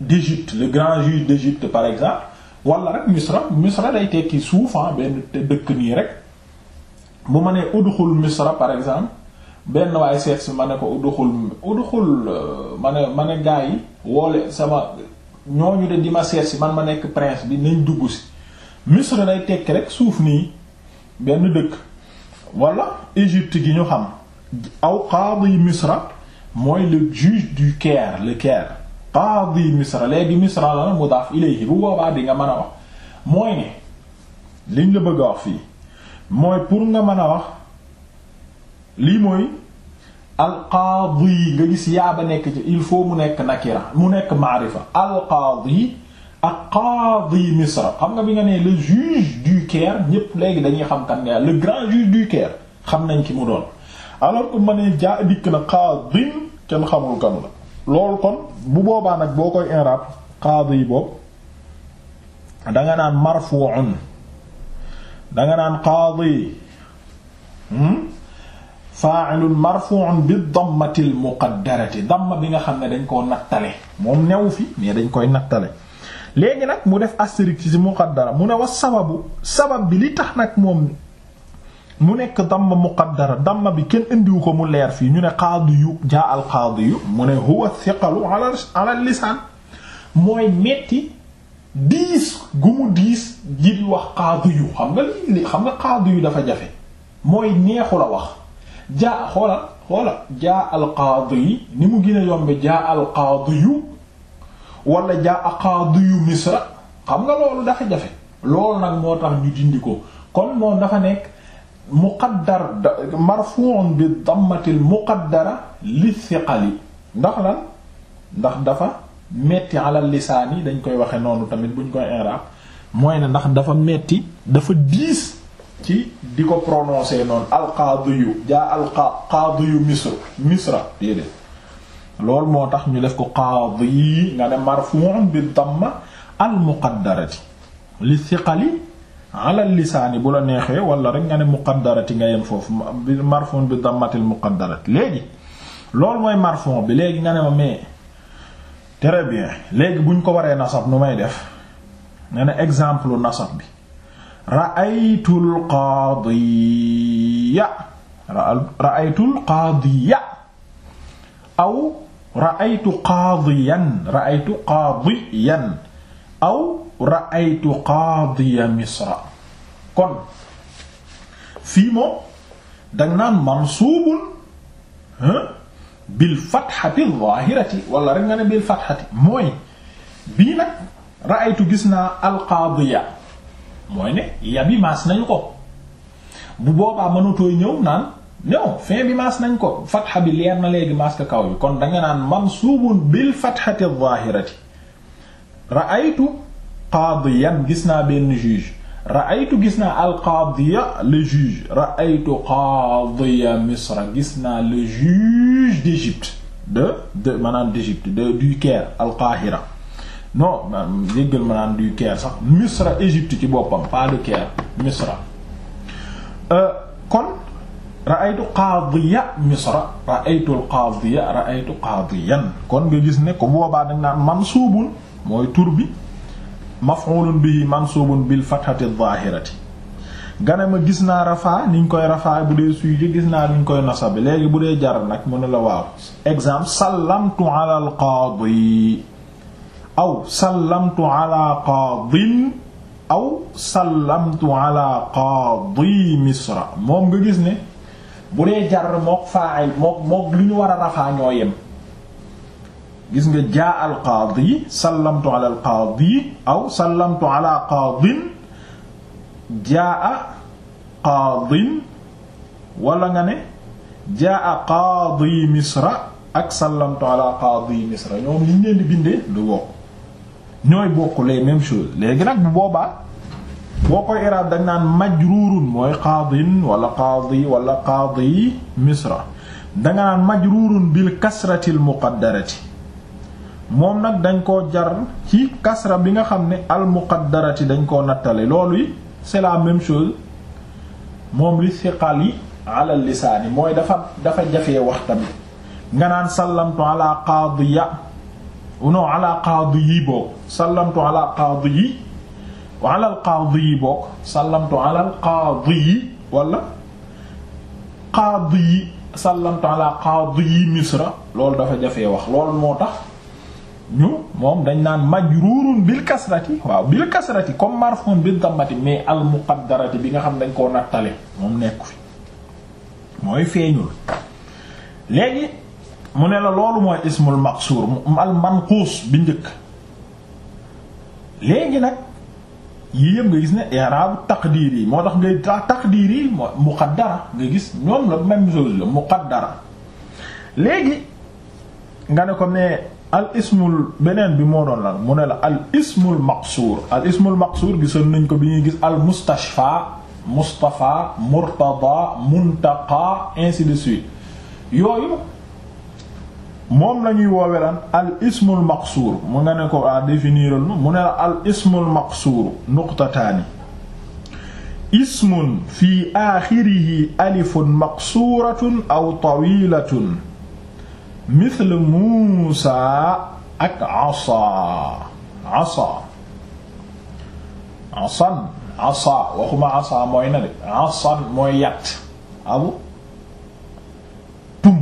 d'Égypte le grand juge d'Égypte par exemple wala rek misra misra day tekki suufan ah, benn dëkk nii rek bu ma nee udxul misra par exemple benn waaye seet si ma ne ko udxul udxul euh, ma ne ma ne gaa yi woole sama ñoo ñu de di ma seet si man ma nekk prince bi nañ dugg si misra day tekki rek suuf nii benn dëkk wala Égypte gi ñu xam aw qaadi misra mooy le juge du Caire le Caire qaadi misra léegi misra la mudaaf ilayhi bu boobaa di nga mën a wax mooy ne liñ la bëgg a wax fii mooy pour nga mën a wax lii mooy alqaadi nga gis yaaba nekk ci il faut mu nekk nakira mu nekk maarifa alqaadi ak qaadi misra xam nga bi nga nee le juge du Caire ñépp léegi dañuy xam kan nga le grand juge du Caire xam nañ ki mu doon alors que ma ne jaa dikk na qaadin kenn xamul kan la loolu kon bu boobaa nag boo koy i'rab qaadi boob danga naan marfu'un danga naan qaadi hmm? fa'ilun marfu'un bi dammatil muqaddarati damma bi nga xam ne dañ koo nattale moom new fi mais dañ koy nattale léegi nag mu def astérisque ci muqaddara mu ne wa sababu sabab bi li tax nag moom mu nekk damma muqaddara damma bi kenn indiwu ko mu leer fii ñu ne qaadi yu jaa al qaadi yu mu ne huwa thiqalu ala ala lisaan mooy metti diis gu mu diis ji di wax qaadi yu xam nga li xam nga qaadi dafa jafe mooy neexu wax jaa xoolal xoolal jaa al qaadi yi ni mu gën a jaa al qaadi yu wala misra xam nga loolu dafa jafe lool nag moo tax ñu dindi ko kon moom dafa nekk muqaddar marfu'un bi dammatil muqaddara li thiqali ndax lan ndax dafa metti alal lisaan yi dañ koy waxe noonu tamit buñ koy i'rab mooy ne ndax dafa metti dafa diis ci di ko prononcer noonu alqaadi yu jaa alqaadi yu misr misra déedéet loolu moo tax ñu def ko qaadi nga ne marfu'un bi damma al muqaddarati li alal lisaani bu la neexee wala rek nga ne muqaddarati nga yem foofu marfon bi dammatil muqaddarat léegi loolu mooy marfon bi léegi nga ne ma mais très bien léegi buñ ko waree nasab nu may def nga ne exemple nasab bi ra'aytul qaadiya ra'aytul qaadiya aw ra'aytu qaadiyan ra'aytu qaadiyan aw ra'aytu qaadiya misra kon fii moom danga naan mansuubun bil fatxati zaahirati wala rek nga ne bil fatxati mooy bii nag ra'aytu gis naa alqaadiya mooy ne bii maas nañu ko bu boobaa mënatooy ñëw naan non fin bi maas nañ ko fatxa bi leer na léegi maas ka kaw bi kon danga naan mansuubun bil fatxati zaahirati ra'aytu qaadiyan gis naa benn juge ra'aytu gis naa al le juge ra'aytu qaadiya misra gis naa le juge d'Égypte de de maanaam d'Égypte de du Caire al Qahira non jéggal du Caire sax misra Égypte ci boppam pas de Caire misra euh, kon ra'aytu qaadiya misra ra'aytu qaadiya ra'aytu qaadiyan kon nga gis ne ko boobaa dañ naan mansuubun mooy tur bi maf'ulun bihi mansubun bil fathati adh-dhahirati gane ma gis naa rafaa niñ koy rafaa bu dee suy ji gis naa niñ koy nasabe léegi bu dee jar nag mu ne la waaw exemple sallamtu ala al qaadi aw sallamtu ala qaadi misra moom nga gis ne bu dee jar mook faay mook mook ñu war a rafaa ñoo yem gis nga jaa al qaadi sallamtu ala al qaadi aw sallamtu ala qaadin jaa qaadin wala nga ne jaa qaadi misra ak sallamtu ala qaadi misra ñoom liñ leen di bindee du bokk ñooy bokk les mêmes choses léegi nag bu boobaa boo koy iraab naan majruurun mooy qaadin wala qaadi wala qaadi misra danga naan majruurun bil kasratil muqaddarati moom nag dañ koo jar ci kasra bi nga xam ne almuqaddarati dañ koo nattale loolu yi c'est la même chose moom li siqal yi mooy dafa dafa jafee wax tamit nga naan sallamtu ala qaadiya non ala qaadi yi boog sallamtu ala qaadi yi ala al qaadi sallamtu ala al wala qaadi yi sallamtu ala qaadi misra loolu dafa jafe wax lool moo tax ñu moom dañ naan majruurun bil kasrati waaw bil kasrati comme marfuun bil dammati mais al muqaddarati bi nga xam dañ koo nattale moom nekku fi mooy feeñul léegi mu ne la loolu mooy ismul maqsuur al manquus bi njëkk léegi nag yii yëpp nga gis ne i'raabu taqdiir yi moo tax ngay taqdiir nga gis ñoom la même chose la muqaddara léegi nga ne ko mais al ismul bi moo doon lan mu ne la al al maqsuur gisoon nañ ko bi ñuy gis al mustashfa mustafa murtada muntaqa ainsi de suite yooyu moom la ñuy woowe lan al ismul maqsuur mu nga ne ko à ah, définiral ma mu ne la al ismul maqsuur nuqtataani ismun fi aaxirihi alifun maqsuuratun aw tawilatun mithl muusa ak asa asa asan asa waxuma asa mooy na de asan mooy yat abu tum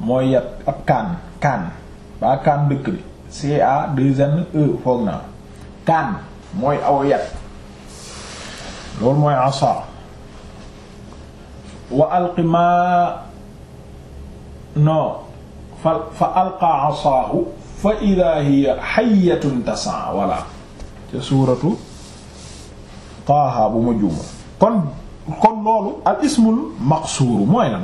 mooy yat ab kaan kaan ba kaan dëkk bi c a e foog naa kaan mooy aw yat loolu mooy asa wa alqi maa non fa fa alqaa asaahu fa idaa hiya hayyatun tasaa voilà ca suuratu taaha bu ma juuma kon kon loolu al ismul maqsuuru mooy lan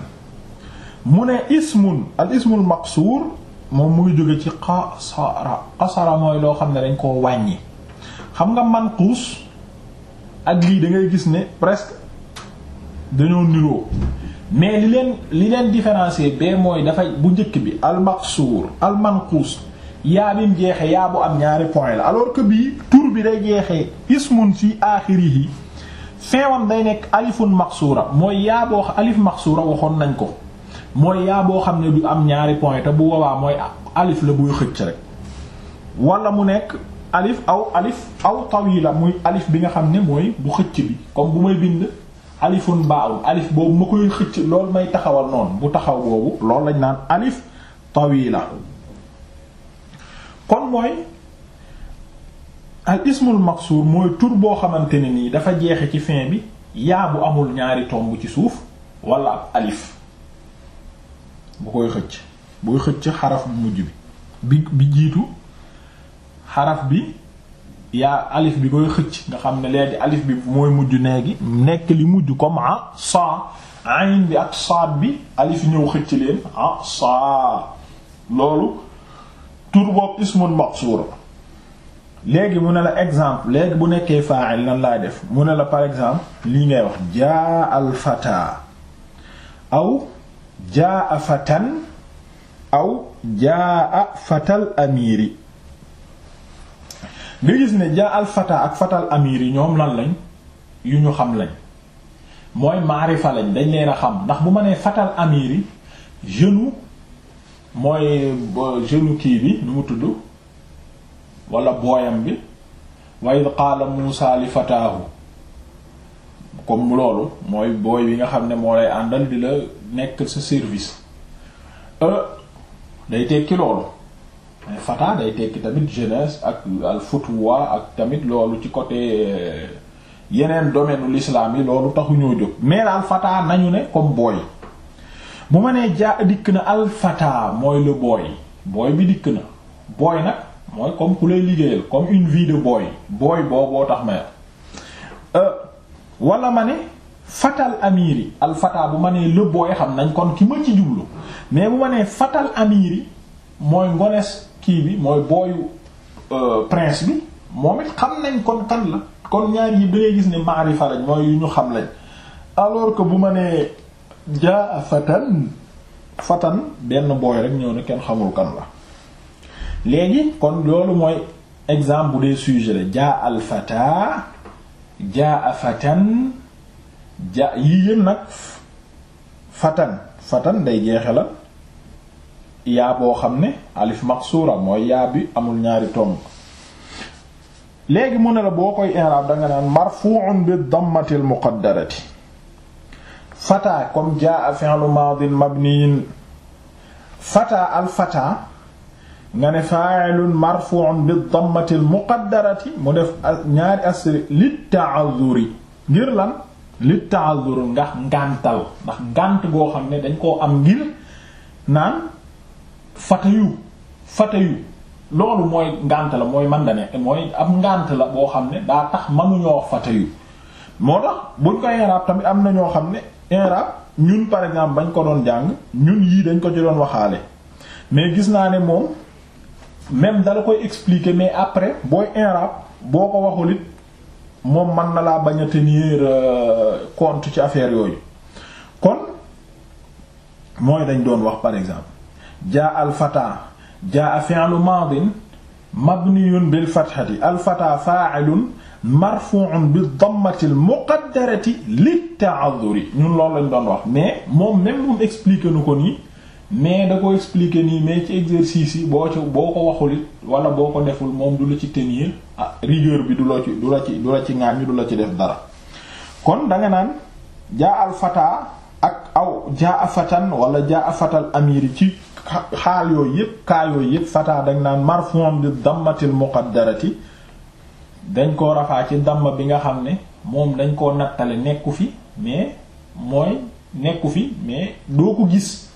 mu ne ismun al ismul maqsuur moom mu ngi jóge ci qasara qasara mooy loo xam ne dañ koo wàññi xam nga manquus ak lii da ngay gis ne presque dañoo niroo mais li leen li leen différencier bee mooy dafay bu njëkk bi almaqsuur almanquus yaa bim jeexee yaa bu am ñaari point la alors que bii tur bi day jeexee ismun fi aaxirihi feewam day nekk alifun maqsuura mooy yaaboo boo alif maqsuura waxoon nañ ko mooy boo xam ne du am ñaari point te bu boobaa mooy alif la buy xëcc rek wala mu nekk alif aw alif aw tawila muy alif bi nga xam ne mooy bu xëcc bi comme bu may bind alifun baawul alif boobu ma koy xëcc lool may taxawal noonu bu taxaw boobu loolu lañ naan alif tawila kon mooy al ismul maqsuur mooy tur boo xamante ne nii dafa jeexe ci fin bi yaa bu amul ñaari tomb ci suuf wala ab alif bu koy xëcc buy xëcc xaraf bu mujj bi bi bi jiitu xaraf bi yaa alif bi koy xëcc nga xam ne léegi alif bi mooy mujj neegi nekk li mujj comme a sa ayn bi ak saad bi alif ñëw xëcc leen a sa loolu tur boobu ismun maqsuur léegi mu ne la exemple léegi bu nekkee fa'il lan laay def mu ne la par exemple lii ngay wax jaa al fata aw jaa fatan aw jaa fatal amiri nga gis ne jaa al ak fatal amir yi ñoom lan lañ yu ñu xam lañ mooy maarifa lañ dañ leen a xam ndax bu ma nee fatal amir yi jeune mooy jeune kii bi lu mu tudd wala booyam bi wa id qaala Muusaa fataahu comme loolu mooy booy bi nga xam ne moo lay àndal di la nekk sa service euh, day tekki loolu mais fata day tekki tamit jeunesse ak al futwa ak tamit loolu ci côté euh, yeneen domaine l'islam yi loolu taxuñoo jóg mais daal fata nañu ne comme booy bu ma nee jaa dikk na al fata mooy le booy booy bi dikk na booy nag mooy comme ku lay liggéeyal comme une booy booy booboo tax ma euh, wala ma ne fatal amiri al fata bu ma nee le booy xam nañ kon ki ma ci jublu mais bu ma nee fatal amiri mooy ngones kii bi mooy booyu euh, prince bi moom it xam nañ kon kan la kon ñaar yi da gis ne maarifa lañ mooy yu ñu xam lañ alors ko bu ma nee jaa fatan fatan benn booy rek ñëw ne kenn xamul kan la léegi kon loolu mooy exemple bu dee sujet la jaa al fata jaa fatan jaa yii yën nag fatan fatan day jeexe la yaa boo xam ne alif maqsura mooy yaa amul ñaari tomb léegi mu ne la boo koy i'rab danga naan marfu'un bi dammati al muqaddarati fata comme jaa fi'lu maadin mabniyin fata al fata nga ne fa'ilun marfu'un bi dammati al muqaddarati mu def ñaari asri lit ta'azzuri ngir lan lit ta'azzur ndax ngàntal ndax ngànt goo xam ne dañ koo am ngir naan fatayu fatayu loolu mooy ngànt la mooy man da ne mooy am ngànt la boo xam ne daa tax mënuñoo wax fatayu moo tax buñ ko inrab tamit am na ñoo xam ne inrab ñun par exemple bañ ko doon jàng ñun yii dañ ko ci doon waxaale mais gis naa ne moom même dala koy expliquer mais après booy inrab boo ko waxul it moom mën na laa bañ a tenir euh, compte ci affaire yooyu kon mooy dañ doon wax par exemple jaa alfata jaa fi'lu maadin mabniyun bil fathati alfata fa'ilun marfu'un bi dammati al muqaddarati lit ta'adhuri ñun loolu lañ doon wax mais moom même moom expliqué nu ko nii mais da ko expliqué nii mais ci exercice yi boo ci boo ko waxul it wala boo ko deful moom du la ci tenir ah rigueur bi du la ci du la ci du la ci ŋaañ du la ci def dara kon da nga jaa alfata jaa fatan wala jaa afatal amiri ci xaal yooyu yëpp kaa yooyu yëpp fata dañ naan marfu'un bi dammatil muqaddarati dañ ko rafaa ci damma bi nga xam ne moom dañ koo nattale nekku fi mais mooy nekku fi mais doo ko gis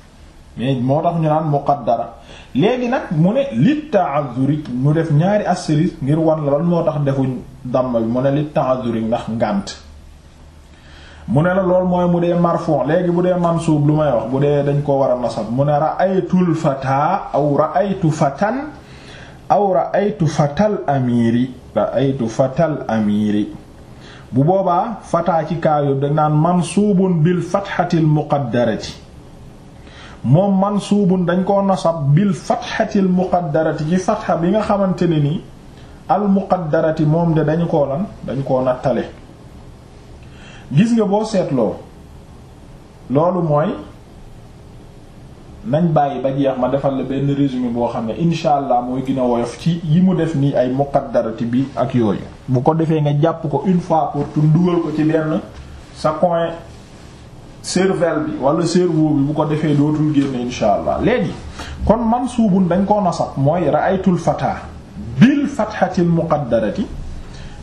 mais moo tax ñu naan muqaddara léegi nag mu ne lit ta'azzuri mu def ñaari astérisque ngir wan la lan moo tax defuñ damma bi mu ne lit ta'azzuri ndax ngànt mu ne la lool mooy mu dee marfon léegi bu dee mansuub lu may wax bu dee dañ koo war a nasab mu ne ra'aytul fataa aw ra'aytu fatan aw ra'aytu fatal amiri ra'aytu fatal amiri bu boobaa fataa ci kaayób dañ naan mansuubun bil fatxatil muqaddarati moom mansuubun dañ koo nasab bil fatxatil muqaddarati ci fatxa bi nga xamante ne ni al muqaddarati moom de dañu koo lan dañu koo nattale gis nga boo seetloo loolu mooy nañ bàyyi ba jeex ma defal la benn résumé boo xam ne incha allah mooy gën woyof ci yi mu def nii ay muqaddarati bi ak yooyu. bu ko defee nga jàpp ko une fois pour tout dugal ko ci benn sa coin cervelle bi wala cerveau bi bu ko defee dootul génn incha allah léegi kon man suubu dañ koo nasab mooy ra'aytul fata bil fathatil muqaddarati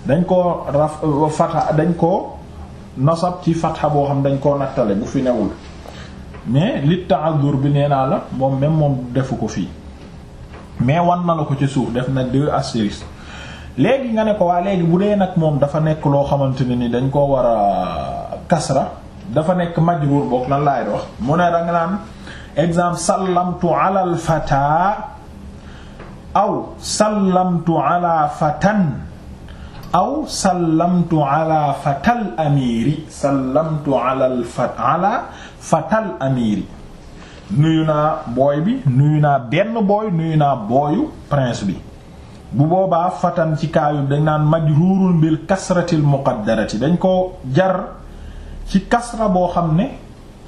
dañ ko raf fata dañ ko nasab ci fatxa boo xam dañ koo nattale bu fi newul mais litta ta'azzur bi nee naa la moom même moom defu ko fii mais wan na la ko ci suuf def na deux astérisques léegi nga ne ko waa léegi bu dee nag moom dafa nekk loo xamante ne ni dañ koo war a kasra dafa nekk majruur boog lan laay wax mu ne da nga naan exemple sallamtu ala al fata aw sallamtu ala fatan aw sallamtu ala fatal amiri sallamtu ala fatal amiri nuyu naa booy bi nuyu naa benn booy nuyu naa booyu prince bi bu boobaa fatan ci kaayub dañ naan majruurun bil kasratil muqaddarati dañ ko jar ci kasra boo xam ne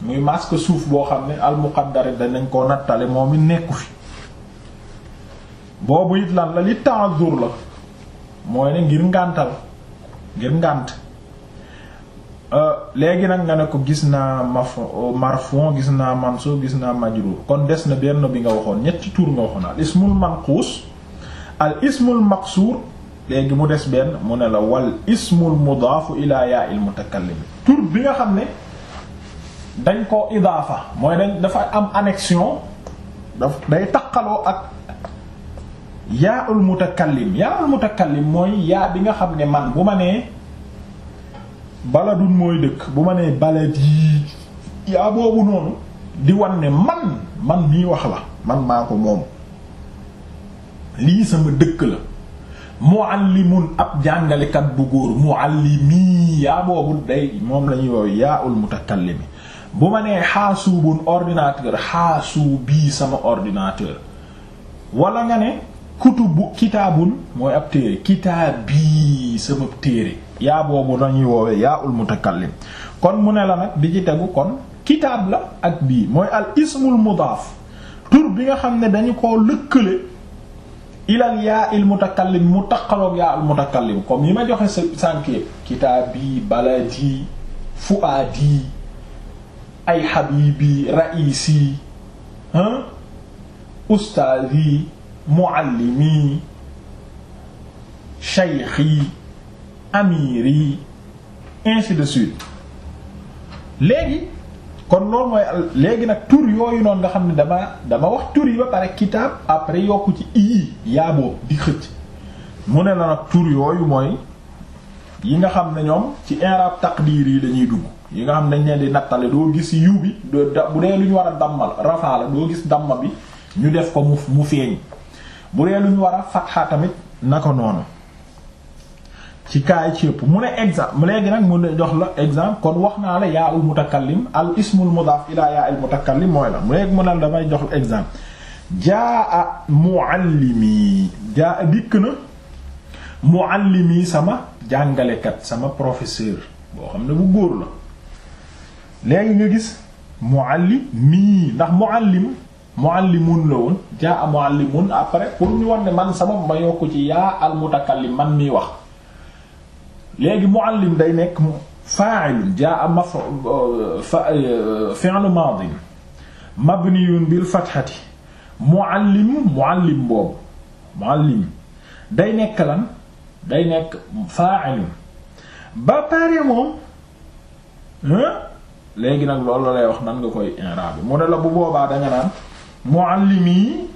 muy masque suuf boo xam ne al muqaddarati danañ ko nattale moom it nekku fi boobu it lan la li ta'azzur la mooy ne ngir ngàntal ngir ngànt euh, léegi nag nga ne ko gis naa marfon gis naa mansu gis naa majrur kon des na benn bi nga waxoon ñetti tur nga waxoon al ismul manquus al ismul maqsuur léegi mu des benn mu ne la wal ismul mudaafu ila yaa il mutakallim tur bi nga xam ne dañ ko idaafa mooy dañ dafa am annexion daf day taqaloo ak yaa ul mutakallim yaa ul mutakallim mooy yaa bi nga xam ne man bu ma nee baladun mooy dëkk bu ma nee baladi yaa boobu noonu di wan ne man man mii wax la man maa ko moom lii sama dëkk la muallimun ab jàngalekat bu góor muallimi yaa boobu day moom la ñuy woowe yaa ul mutakallimi bu ma nee xaasuubun ordinateur xaasu sama ordinateur wala nga ne kutubu kitaabun mooy ab téere kitaabi sama téere yaa boobu dañuy woowee yaa ul mutakallim kon mu ne la nag di ci tegu kon kitaab la ak bii mooy al ismul mudaaf tur bi nga xam ne dañu koo lëkkale ilal yaa il mutakallim mu taqaloog yaa al mutakallim comme yi ma joxe sa sànke kitaabi baladi fuaadi ay habibi raisi hein ustaadi muallimi shaykhi amiri ainsi de suite léegi kon loolu mooy léegi nag tur yooyu noonu nga xam ne dama dama wax tur yi ba pare kitaab après yokku ci ii yaa boobu di xëcc mu ne la nag tur yooyu mooy yi nga xam ne ñoom ci i'rab taqdiir yi lañuy dugg yi nga xam ne dañ di nattale doo gis yu bi bu dee lu ñu war a dammal rafaa la doo gis damma bi ñu def ko mu mu feeñ bu dee lu ñu war a fatxa tamit na ko noonu ci kaay ci yëpp mu ne exemple mu ne jox la exemple kon wax naa la yaa ul mutakallim al ismul mudaaf ilaa yaa il mutakallim mooy la mu léegi mu ne damay jox la exemple jaa a muallimi jaa dikk na muallimi sama jàngalekat sama professeur boo xam ne bu góor la léegi nga gis muallimi ndax muallim muallimun la woon jaa muallimun après pour ñu won ne man sama ma yokk ci yaa al mutakallim man miy wax léegi muallim day nekk fa'ilun jaa maf fi'lu madin mabniyun bil fathati muallim muallim boobu muallim day nekk lan day nekk fa'ilun ba pare moom léegi nag loolu lay wax nan nga koy i'rab mu ne la bu boobaa danga naan muallimi yi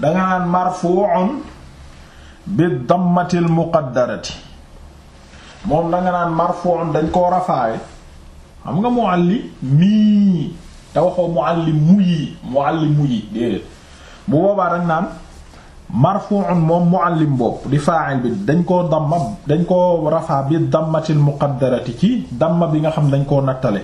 danga naan marfu'un bi dammatil muqaddarati moom danga naan marfu'un dañ koo rafaawe xam nga muallimi te waxoo muallimu yi muallimu yi déedéet bu boobaa dañ naan marfu'un moom muallim bopp di fa'il bi dañ koo damma dañ koo rafaa bi dammatil muqaddarati ci damma bi nga xam dañ koo nattale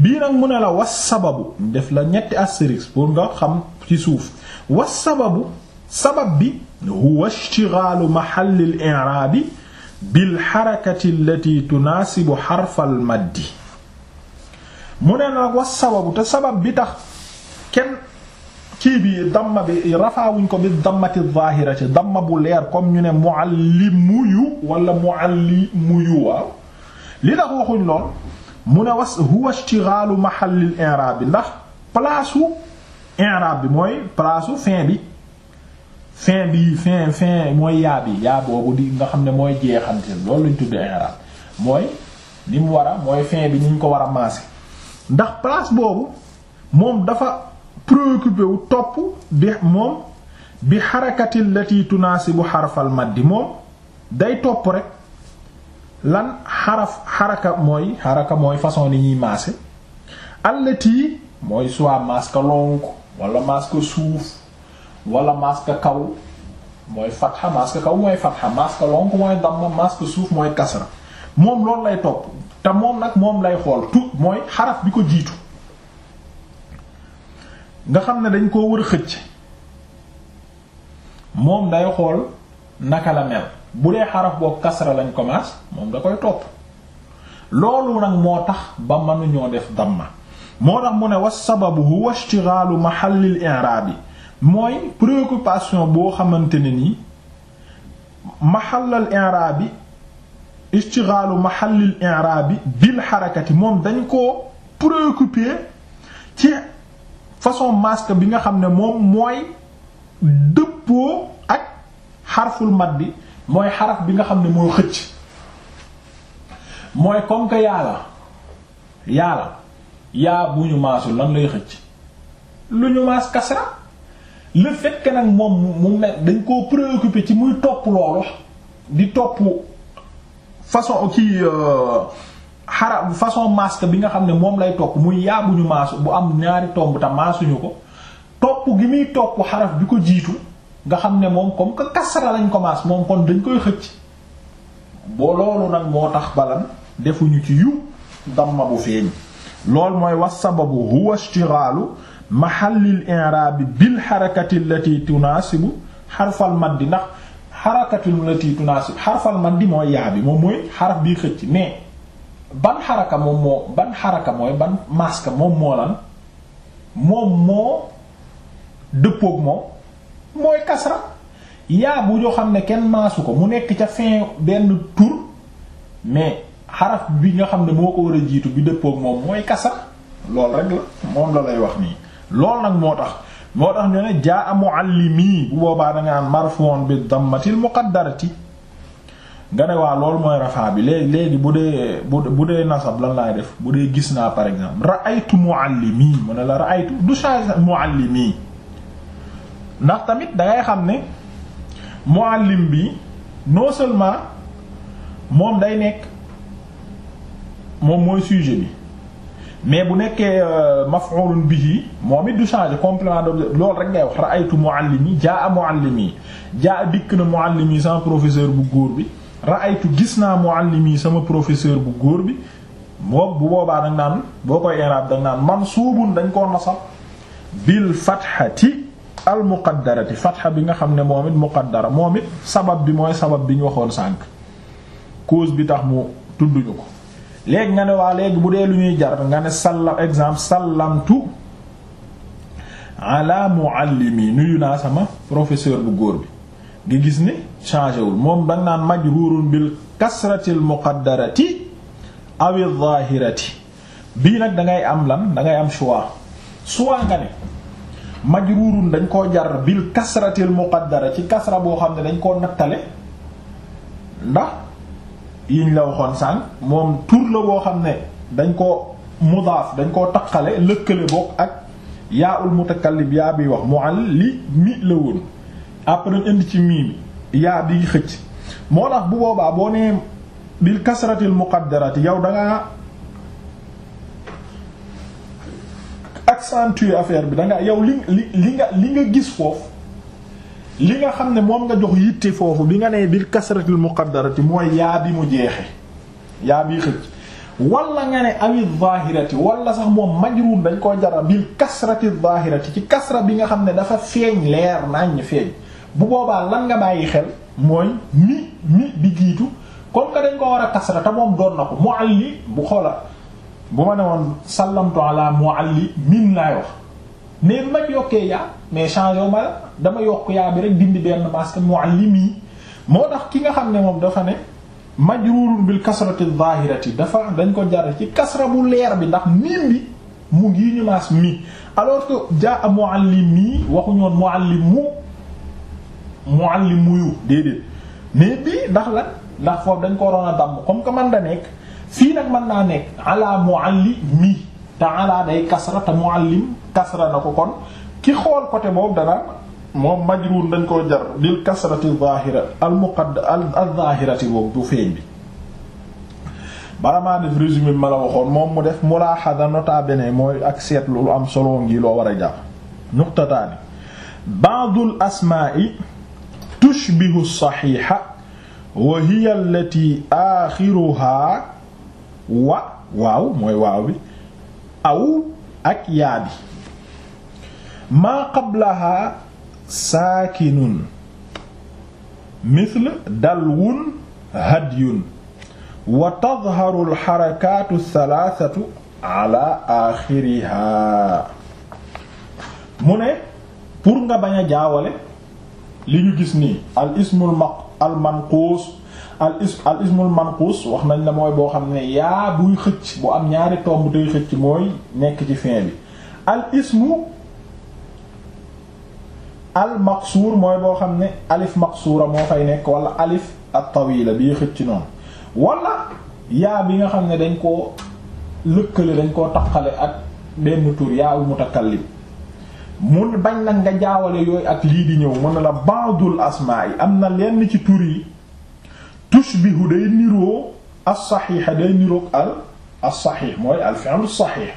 bii nag mu ne la was sababu def la ñetti astérisque pour nga xam ci suuf was sababu sabab bi huwa ishtighalu mahalli al-i'rabi bil harakati allati tunasibu harfa al mu ne nag was sababu te sabab bi tax kenn kii bi bi rafaawuñ ko bi dammati zaahirati damma bu leer comme ñu ne muallimuyu wala muallimuyu waaw li tax waxuñ lool mu ne was huwa istighalu mahallil i'rab bi ndax place u bi mooy place u fin bi fin bi fin fin mooy yaa bi yaa boobu di nga xam ne mooy jeexante loolu lañ tudde i'rab mooy ni mu war a mooy fin bi ni ñu ko war a maase ndax place boobu moom dafa préoccupé wu topp bi moom bi xarakati lati tunaasibu xarfal maddi moom day topp rek lan xaraf xaraka mooy xaraka mooy façon ni ñuy maase allati mooy soit maska lonk wala maska suuf walla maska kaw mooy fatxa maska kaw mooy fatxa maska lonk mooy damma maska suuf mooy kasra moom loolu lay topp te moom nag moom lay xool tout mooy xaraf bi ko jiitu nga xam ne dañ koo wër xëcc moom day xool naka la mel bu dee xaraf boobu kasra lañ commence moom da koy topp loolu nag moo tax ba ñoo def damma moo tax mu ne wa sababu huwa ishtighalu maxallil i'rab yi mooy préoccupation boo xamante ne nii mahallal i'rab yi maxallil mahallil i'rab yi bil xarakati moom dañ ko préoccupé ci façon masque bi nga xam ne moom mooy dëppoo ak xarful mad bi mooy xaraf bi nga xam ne moo xëcc mooy comme que yàlla yàlla yaa bu ñu maasul lan lay xëcc lu ñu maas kasra le fait que nag moom mu mel dañ koo préoccupé ci muy topp loolu di topp façon kii euh, xara façon masque bi nga xam ne moom lay topp muy yaa bu bu am ñaari tomb te maasuñu ko topp gi muy topp xaraf bi ko jiitu nga xam ne moom comme que kasra lañ commence moom kon dañ koy xëcc boo loolu nag moo tax balan defuñu ci yu damma bu feeñ loolu mooy wax sababu huwa istighalu mahallil i'rab bil harakati allati tunasibu xarfal maddi ndax xarakatu allati tunasib xarfal maddi mooy yaa bi moom mooy xaraf bii xëcc mais ban xaraka moom moo ban xaraka mooy ban maska moom moo lan moom moo dëppoog moom mooy kasra yaa bu ñoo xam ne kenn maasu ko mu nekk ca fin benn tur mais xaraf bi ñoo xam ne moo ko war a jiitu bi dëppook moom mooy kasra loolu rek la moom la lay wax nii loolu nag moo tax moo tax ñu ne jaa muallimi bu boobaa da nga naan marfuun bi dammatil muqaddarati nga ne waa loolu mooy rafaa bi léegi léegi bu dee bu dee nasab lan laay def bu dee gis naa par exemple ra'aytu muallimi mu ne la ra'aytu du change muallimi ndax tamit dangay xam ne muallim bi no seulement moom day nekk moom mooy sujet bi mais bu nekkee euh, maf'ulun bihi moom it du changer complément d'objet loolu rek ngay wax ra'aytu muallimi jaa muallimi jaa dikk na muallimi sama professeur bu góor bi ra'aytu gis naa muallimi sama professeur bu góor bi moom bu boobaa dañ naan boo koy i'rab dañ naan mansuubun dañ koo nasab bil fathati al muqaddarati fatxa bi nga xam ne moom it muqaddara moom it sabab bi mooy sabab bi ñu waxoon sànq cause bi tax mu tudduñu ko léegi nga ne waa léegi bu dee lu ñuy jar nga ne sallam exemple sallamtu ala muallimi nuyu naa sama professeur bu góor bi nga gis ni changé wul moom dañ naan majruurun bil kasratil muqaddarati awi zaahirati bii nag da ngay am lan da ngay am choix soit nga ne. majruurun dañ koo jar bil kasratil muqaddara ci kasra boo xam ne dañ koo nattale ndax yiñ la waxoon sànq moom tur la boo xam ne dañ koo mudaaf dañ koo taqale lëkkale bokk ak yaa ul mutakallim yaa bi wax mualli mi la woon après dañ indi ci mii bi yaa bi xëcc moo tax bu boobaa boo nee bil kasratil muqaddarati yow dangaa accentuer affaire bi da nga yow li li li nga li nga gis foofu li nga xam ne moom nga jox yitte foofu bi nga nee bil kasratil muqaddarati mooy yaa bi mu jeexe yaa bi xëcc wala nga ne awil zaahirati wala sax moom majruum dañ koo jara bil kasrati zaahirati ci kasra bi nga xam ne dafa feeñ leer naññ feeñ bu boobaa lan nga bàyyi xel mooy mi mi bi jiitu comme que dañ ko war a kasra te moom doon na ko mu àlli bu xoola bu ma ne woon sallamtu ala muallimin laay wax mais bi ma yokkee yaa mais changé wu ma dama yokk yaa bi rek dindi benn masque muallimi moo tax ki nga xam ne moom dafa ne majrurun bil kasrati zahirati dafa dañ ko jar ci kasra bu leer bi ndax miim bi mu ngi ñu maas mi alors que jaa muallimi waxuñoon muallimu muallimuyu déedéet mais bii ndax la ndax foofu dañ ko waroon a damm comme que man da nekk. fii nag mën naa nekk ala muallimi te ala day kasra te muallim kasra na ko kon ki xool côté moom majruur dañ jar lil kasrati al muqadd al zaahirati boobu bi bala maa def résumé bi waxoon moom mu def mulaaxada nota bene mooy ak seetlu lu am solo ngi loo war a jàpp nuqtataani ba'dul asmaa'i tushbihu as-saxiixa wa hiya wa waaw mooy waaw bi aw ak yaa bi maa qablaha saakinun mithl dalwun hadyun wa tadharu alxarakaatu althalathatu ala axiriha mu ne pour nga bañ a jaawale li ñu gis nii al ismu al manquus al ism al ismul wax nañ la mooy boo xam ne yaa buy xëcc bu am ñaari tomb tey xëcc mooy nekk ci fin bi al ismu al maqsuur mooy boo xam ne alif maqsuura moo fay nekk wala alif at tawila bii xëcc noonu wala yaa bi nga xam ne dañ koo lëkkale dañ koo taqale ak benn tur yaa mu mutakallim mu bañ nag nga jaawale yooyu ak lii di ñëw mën na la ba'dul asmaa yi am na lenn ci tur yi tushbihu day niroo as-saxiixa day niroog al as-saxiix mooy al fi'lu as-saxiix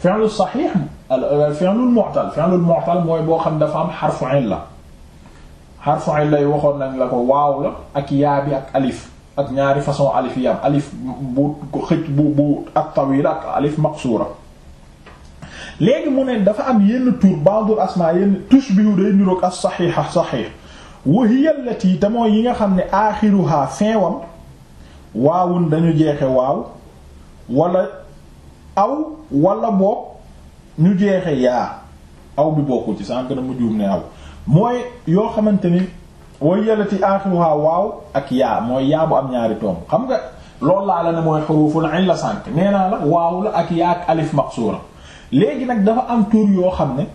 fi'lu as-saxiix al fi'lu al-mu'tal fi'lu al-mu'tal mooy boo xam dafa am xarfu illa xarfu illa yi waxoon nañ la ko waaw la ak yaa bi ak alif ak ñaari façon alif yi am alif bu xëcc bu bu at-tawila ak alif maqsuura léegi mu ne dafa am yenn tur ba'dul asmaa yenn tushbihu day niroog as-saxiixa saxiix wa hiya allati te mooy yi nga xam ne aaxiruha fin wam waawun dañu jeexe waaw wala aw wala boog ñu jeexe yaa aw bi bokku ci sànq na mu juum ne aw mooy yoo xamante ni wa hiya allati aaxiruha waaw ak yaa bu am ñaari tomb xam nga loolu laa la ne mooy xuruful illa sànq nee naa la waaw la ak yaa ak alif maqsuura léegi nag dafa am tur yoo xam ne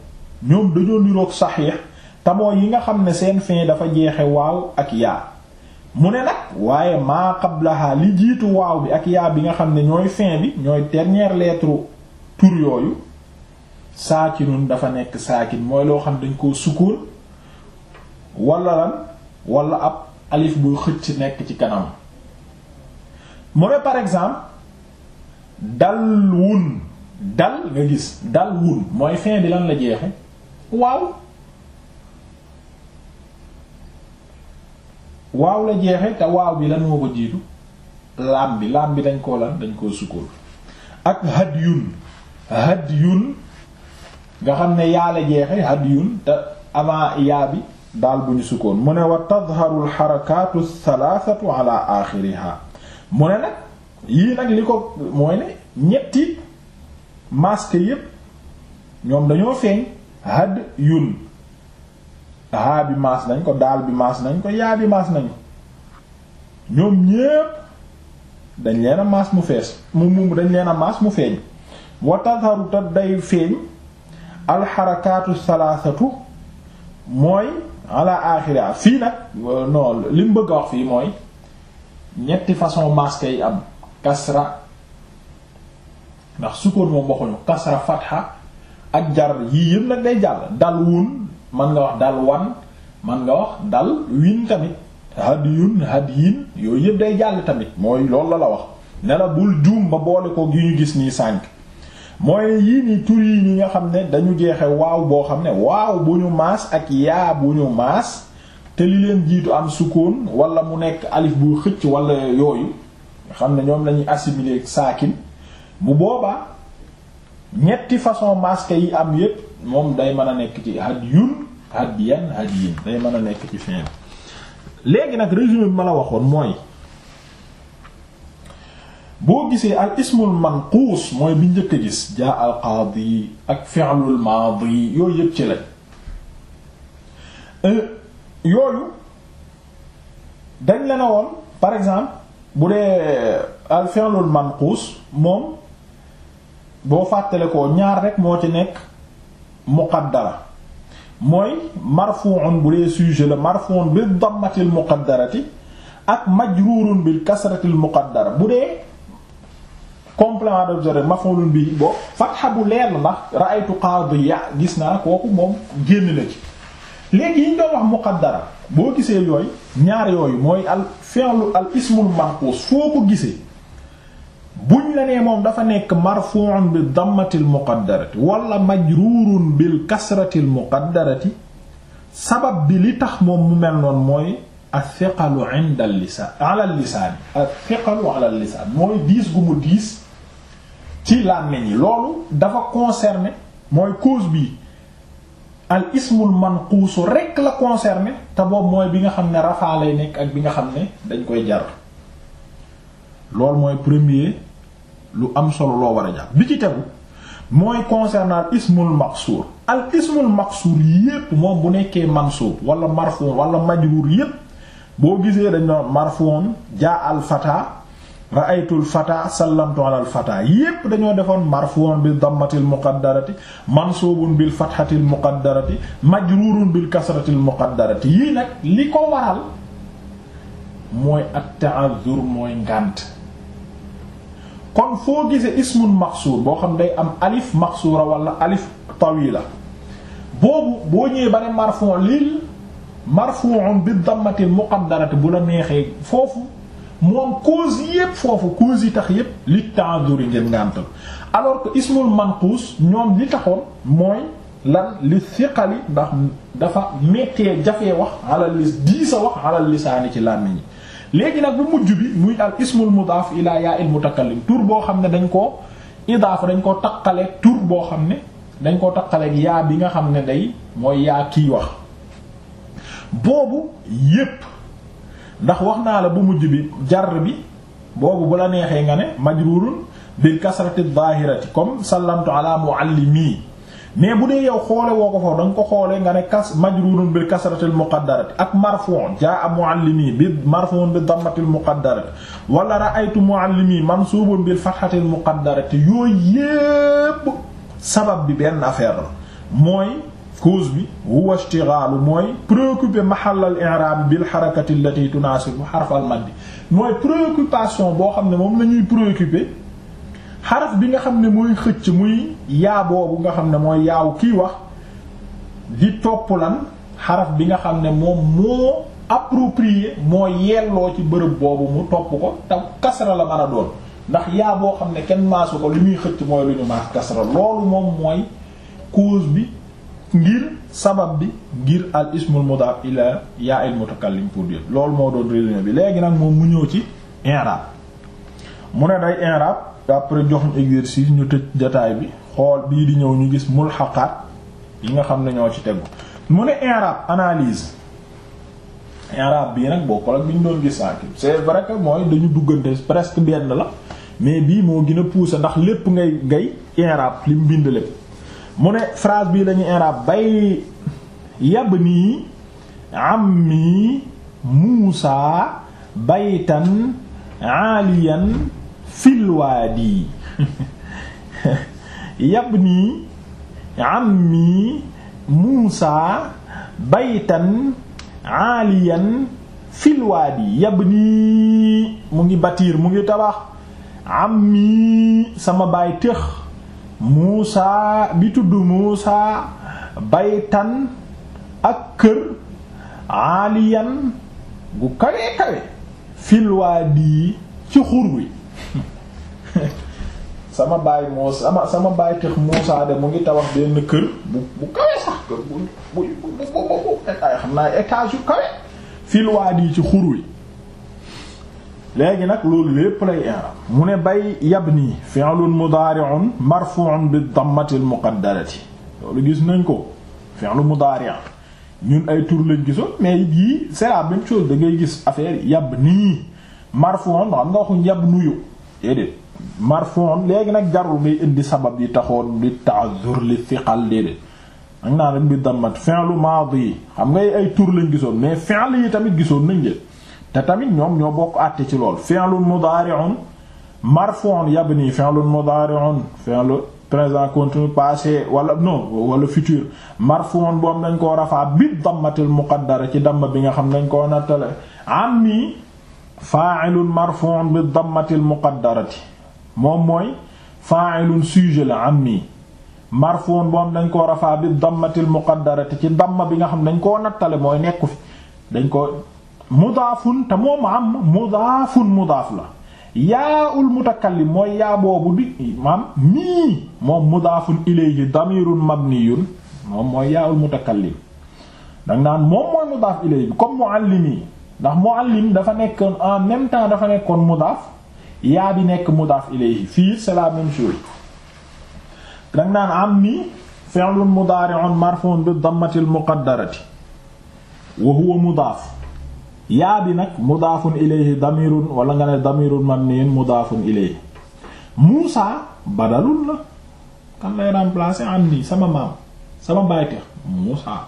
ñoom dañoo niroog saxiix te yi nga xam ne seen fin dafa jeexe waaw ak yaa mu ne nag waaye maa li jiitu waaw bi ak yaa bi nga xam ne ñooy fin bi ñooy dernière lettre tur yooyu saakinun dafa nekk saakin mooy loo xam dañ koo sukkoon wala lan wala ab alif buy xëcc nekk ci kanam mu ne par exemple dal wun dal nga gis dal wun mooy fin bi lan la jeexe waaw waaw la jeexe te waaw bi lan moo ko jiitu laam bi laam bi dañ koo lan dañ koo sukkoon ak hadyun hadyun nga xam ne yaa la jeexe hadyun te avant yaa bi daal bu ñu sukkoon mu ne wa tadharu alxarakaatu althalathatu mu ne nag yii nag li ko mooy ne ñetti masque yépp ñoom dañoo feeñ hadyun haa bi maas nañ ko daal bi maas nañ ko yaa bi maas nañ ñoom ñépp dañ leen a maas mu fees mu mu dañ leen a maas mu feeñ wa tadharu ta day feeñ alxarakaatu salaasatu mooy ala fii nag non bëgg a wax fii mooy ñetti façon masque yi am kasra ndax sukkoon moom waxuñu kasra fatha ak jar yii yëpp nag day jàll dal wun man nga wax dal wan man nga wax dal win tamit hadiyun hadiyin yooyu yëpp day jàll tamit mooy loolu la la wax ne la bul juum ba boole ko gi ñu gis nii sànq mooy yii nii tur yi ñi nga xam ne dañu jeexe waaw boo xam ne waaw bu ñu maas ak yaa bu ñu maas te li leen jiitu am sukkoon wala mu nekk alif bu xëcc walla yooyu nga xam ne ñoom lañuy assimiler ak saakin bu booba ñetti façon masque yi am yépp moom day mën a nekk ci yen hadyan hadyin day man a nekk ci fin léegi nag résumé bi ma la waxoon mooy boo gisee al ismul manquus mooy bi njëkk a gis jaa al ak fi'lul maadi yooyu yëpp ci lañ euh, yooyu dañ la ne woon par exemple bu dee al fi'lul manquus moom boo fàttale ko ñaar rek moo ci nekk muqaddara mooy marfu'un bu dee sujet la marfu'un bi dammatil ak majruurun bil kasratil muqaddara bu dee complément d'objet maf'ulun bi boobu fatha bu leer la ra'aytu qaadiya gis naa kooku moom génn na ci léegi yi ñu wax muqaddara boo gisee yooyu ñaar yooyu mooy al fi'lu al ismul manqus foo ko gisee buñ la nee moom dafa nekk marfu'un bi dammati al muqaddarati wala majruurun bil kasrati al muqaddarati sabab bi li tax moom mu mel noon mooy athiqalu inda al lisaan ala al al lisaan mooy diis gu mu diis ci làmmiñ yi loolu dafa concerné mooy cause bi al ismul manquusu rekk la concerné te boobu mooy bi nga xam ne rafaa lay nekk ak bi nga xam ne dañ koy jar loolu mooy premier lu am solo loo war a jàpp bi ci tegu mooy concernant ismul maqsuur al ismul maqsuur yépp moom bu nekkee mansuub wala marfuun wala majruur yépp boo gisee dañ doon marfuun jaa al fata ra'aytul fata sallamtu ala al fata yépp dañoo defoon marfuun bi dammatil muqaddarati mansuubun bil fathatil muqaddarati majruurun bil kasratil muqaddarati yii nag li ko waral mooy at ta'azzur mooy ngànt kon foo gisee ismun maxsuur boo xam day am alif maxsuura wala alif tawila boobu boo ñëwee ba ne marfon lil marfu'un bi dammatil muqaddarati bu la neexee foofu moom cause yépp foofu cause yi tax yépp li ta'duri ngeen ngàntal alors que ismul manquus ñoom li taxoon mooy lan li siqali ndax dafa méttee jafee wax alal lis dii sa wax lisaani ci làmmiñ yi léegi nag bu mujj bi muy al ismul mudaaf ilaa yaa il mutakallim tur boo xam ne dañ koo idaaf dañ koo takkale tur boo xam ne dañ koo takkale yaa bi nga xam ne day mooy yaa kiy wax boobu yépp ndax wax naa la bu mujj bi jar bi boobu bu la neexee nga ne majrurun bil kasrati dhahirati comme sallamtu ala muallimi mais bu dee yow xoole woo ko foofu da nga ko xoolee nga ne kas majrurun bil kasratil muqaddarati ak marfon jaa muallimi bi marfon bi dammatil muqaddarati wala ra'aytu muallimi mansubun bil fathatil muqaddarati yooyu sabab bi benn affaire la mooy cause bi huwa ishtighalu mooy préoccupé mahall al i'rab bil harakati allati tunasibu harf al mooy préoccupation boo xam ne moom la ñuy préoccupé xaraf bi nga xam ne mooy xëcc muy yaaboo bu nga xam ne mooy yaaw kiy wax di topp lan xaraf bi nga xam ne moom moo approprié moo yelloo ci bërëb boobu mu topp ko te kasra la mën a doon ndax yaa boo xam ne kenn maasu ko li muy xëcc mooy lu ñu maas kasra loolu moom mooy cause bi ngir sabab bi ngir al ismul mudaf ila yaa il mutakallim pour dire loolu moo doon résumé bi léegi nag moom mu ñëw ci i'rab mu ne day i'rab te jox ñu exercice ñu tëj jataay bi xool bii di ñëw ñu gis mulxaqaat yi nga xam ne ñoo ci tegu mu ne i'rab analyse i'rab bii nag bokkul ak bi ñu doon gis sànq c'est vrai que mooy dañu duggante presque benn la mais bii moo gën a pousser ndax lépp ngay ngay i'rab li mu bind lépp mu ne phrase bii lañu i'rab bay yab nii ammi Muusa baytan aaliyan fil waadi ni ammi muusa baytan aaliyan fil yab yabni mu ngi bâtir mu ngi tabax ammi sama baay tëx muusa bi tudd muusa baytan ak kër aaliyan bu kawe kawe fil ci xur wi sama baay moos sama sama baay tëx mu ngi tabax benn kër bu bu kawe sax kër bu bu bu bu ay xam naa étage yu kawe fil waadi ci xur wi léegi nag loolu lépp lay i'rab mu ne bay yabni fi'lun mudaari'un marfu'un bi dammati al muqaddarati loolu gis nañ ko fi'lu mudaari' ñun ay tur lañ gisoon mais yii c'est la même dangay da ngay gis affaire yabni marfu'un xam nga waxuñ yabnuyu déedéet marfon léegi nag jarul ngay indi sabab yi taxoon di ta'azzur li fiqal déedéet danga naa rek bi dammat fi'lu maadi xam ngay ay tur lañ gisoon mais fi'l yi tamit gisoon nañ leen te tamit ñoom ñoo bokk àtte ci lool fi'lun mudari'un marfon yabni fi'lun mudari'un fi'lu présent continu passé wala non wala futur marfon boom nañ koo rafaa bi dammatil muqaddara ci damma bi nga xam dañ koo nattale am nii fa'ilun marfon bi dammatil muqaddarati moom mooy fa'ilun sujet la ammi marfuun boom dañ ko rafaa bi dammatil muqaddarati ci damma bi nga xam dañ koo nattale mooy nekku fi dañ koo mudaafun te moom am mudaafun mudaaf la yaa ul mutakallim mooy yaa boobu di maam mii moom mudaafun ilayhi damirun mabniyun moom mooy yaa ul mutakallim dang naan moom mooy mudaaf ilayhi comme muallimi ndax muallim dafa nekkoon en même temps dafa nekkoon mudaaf yaa bi nekk mudaaf ilayhi fii selaa la même chose dang naan am ni fi'lun mudaari'un marfu'un bi dammatil muqaddarati wa huwa mudaaf yaa nag mudaafun ilayhi damirun wala nga ne damirun mabniyun mudaafun ilayhi Muusa badalul la kan lay remplacer am ni sama maam sama bàyteex Muusa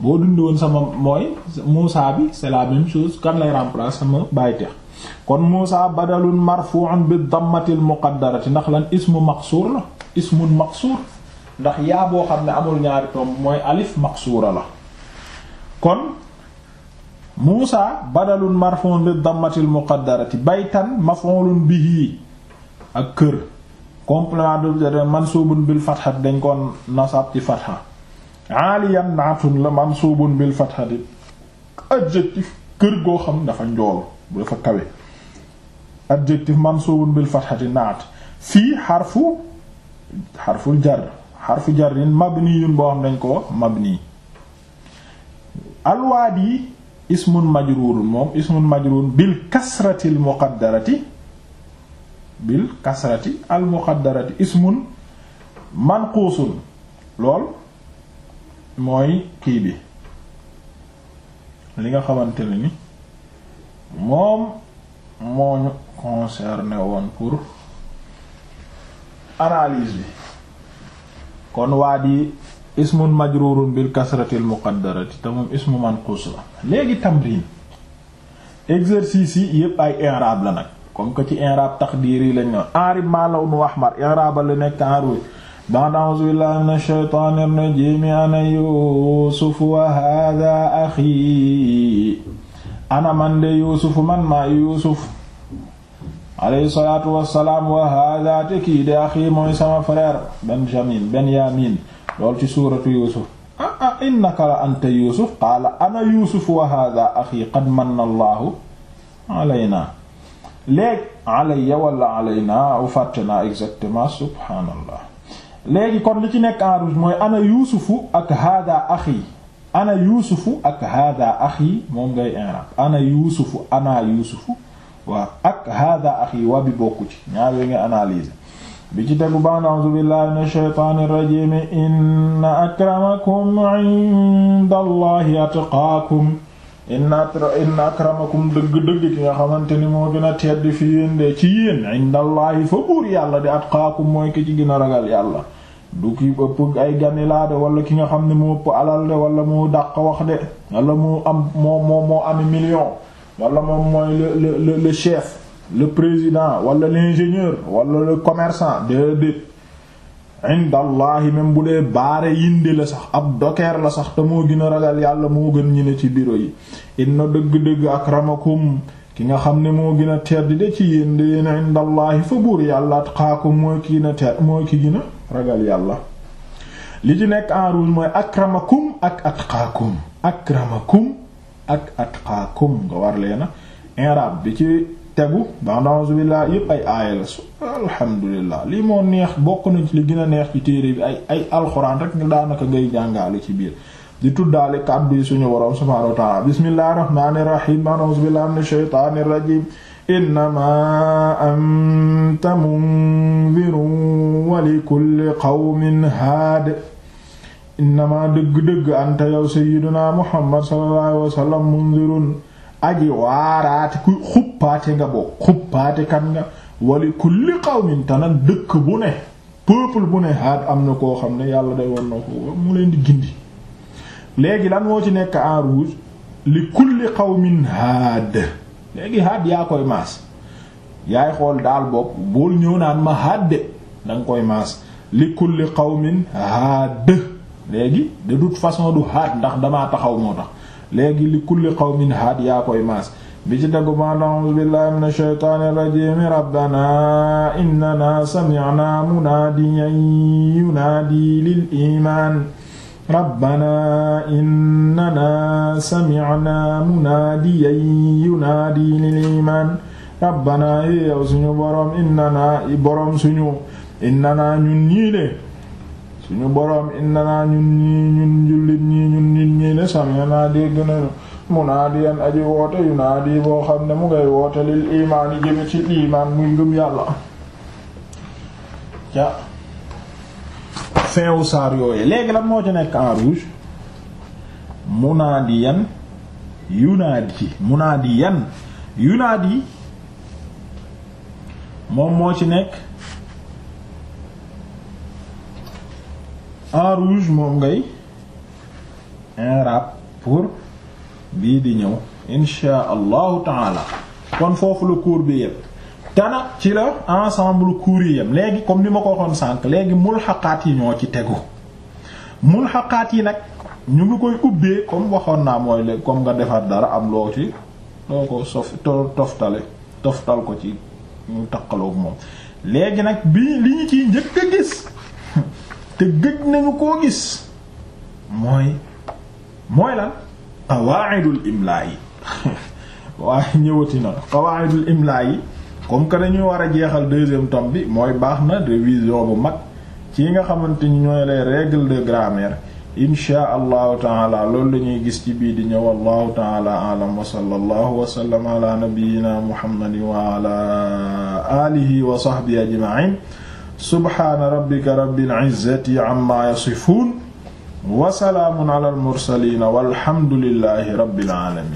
boo dundoon sama mooy Muusa bi c'est la kan lay remplacer sama bàyteex kon Muusa badalun marfu'un bi dammatil muqaddarati ndax lan ismu maqsuur la ismun maqsuur ndax yaa boo xam ne amul ñaari tomb mooy alif maqsuura la kon Muusa badalun marfu'un bi dammatil muqaddarati baytan maf'ulun bihi ak kër complément d'objet mansuubun bil fatha dañ koon nasab ci fatha aaliyan naatun la mansuubun bil fatha adjectif kër goo xam dafa njool bu dafa kawe adjectif mansuubun bil fathati naat fii xarfu xarful jar xarfu jarin mabniyun boo xam dañ ko mabni alwaadi ismun majruurun moom ismun majruurun bil kasrati al muqaddarati bil kasrati al lool mooy kii bi li nga xamante ni moom moo ñu concerné woon pour analyse bi kon waa di ismun majrurun bil kasratil muqaddarati te moom ismu la léegi tamrin exercice yi yépp ay i'rab la nag comme que ci i'rab taqdiri yi lañ ne enrib ma lawnu ahmar i'raba la nekk enrwi ba'da a'uuzu billahi minash shaytaanir rajiim ana yuusuf wa haadha axi ana man de yuusufu man maa yuusuf alayhi salaatu wassalaam wa hada te kii de axi mooy sama frère benjamin benyamin lool ci suuratu yuusuf ah ah innaka la anta yuusuf qaala ana yuusuf wa hada axi qad manna allaahu alaynaa léeg alaya wala alaynaa u fàtte naa exactement subhaanallah léegi kon li ci nekk en rouge mooy ana yuusufu ak hada axi ana yuusufu ak hada axi moom ngay i'rab ana yuusufu ana yuusufu waaw ak hada axi waa bi bokku ci ñaar yooyu nga analyse bi ci tegu baan a'uuzu billahi minash shaytaanir rajiim inna akramakum 'inda allahi atqaakum inna akramakum dëgg-dëgg ki nga xamante ni moo gën a tedd fi yéen de ci yéen inda allahi fa buur yàlla di atqaakum mooy ki ci gën a ragal yàlla du ki ëpp ay ganilaa de wala ki nga xam ne moo ëpp alal de wala moo dàq wax de wala moo am moo moo ami million wala moom mooy le le le chef le président wala l'ingénieur wala le commerçant déedéet indallahi même bu dee baare yindi la sax ab dokeer la sax te moo gën a yàlla moo gën ñi ci bureau yi inna dëgg-dëgg akramakum ki nga xam ne moo gën a tedd de ci yéen de yéen indallahi fa buur mooy ki na tedd mooy ki gën a ragal yàlla li ci nekk en rouge mooy akramakum ak atqaakum akramakum ak atqaakum nga war leena inrab bi ci tegu bandaansu billah yépp ay aaya la su alhamdulillah lii moo neex bokk na ci li gën a neex ci téere bi ay ay alxuraan rek nga daanaka ngay jàngaale ci biir di tuddaale kàddu yi suñu waroom subhaanahu wa ta'aala bismillahir rahmaanir rahiim bandaansu billah minash shaytaanir rajiim innama anta mundirun wa li kulli qawmin haad innama dëgg-dëgg anta yow sayyiduna muhammad sallallahu alayhi wa sallam mundirun aji waaraate ku xuppaate nga boo xuppaate kan nga wa li kulli qawmin te nag dëkk bu ne peuple bu ne haad am na koo xam ne yàlla day war na ko mu leen di gindi léegi lan moo ci nekk en rouge li kulli qawmin haad léegi hadd yaa koy maas yaay xool daal bopp bool ñëw naan ma hadde da nga koy maas li kulli qawmin hadd léegi de toute façon du hadd ndax damaa taxaw moo tax léegi li kulli qawmin hadd yaa koy maas bi ci daggu a a'uuzu billahi minash shaytaanir rajiim rabbana innana sami'na munaadiyan yunaadi lil iimaan rabbana innana sami'na munaadiyan yunaadi lil iman rabbana yi yow suñu boroom innana boroom suñu innana ñun ñii de suñu innana ñun ñii ñun jullit nañu munaadiyan aji woote yunaadi boo xam ne mu ngay woote lil imaan yi ci imaan muy ngëm yàlla ja fin wu saar yooyu léegi lan moo ci nekk en rouge munaadiyan yunaadi munaadiyan yunaadi moom moo ci nekk en rouge moom ngay inrab pour bii di ñëw insha allahu taala kon foofu la cours bi yépp tana ci la ensemble cours yi yam léegi comme ni ma ko waxoon sànq léegi mulxaqaat yi ñoo ci tegu mulxaqaat yi nag ñu ngi koy ubbee comme waxoon naa mooy léegi comme nga defar dara am loo ci loo ko sof toftale toftal ko ci ñu taqaloog moom léegi nag bi li ñu ciy njëkk a gis te gëj nañu koo gis mooy mooy lan qawaidul imla yi waaye ñëwati na qawaidul imla yi comme que dañu war a jeexal deuxième tome bi mooy baax na révision bu mag ci nga xamante ni ñooy les règles de grammaire inchaa allahu taala loolu la ñuy gis ci biir di ñëw allahu taala alam wa sallallahu wa sallam ala nabiyyina muhammadin wa ala alihi wa sahbihi ajma'in subhaana rabbika rabbil izzati amma yasifun wa salaamun ala al walhamdulillahi rabbil alamin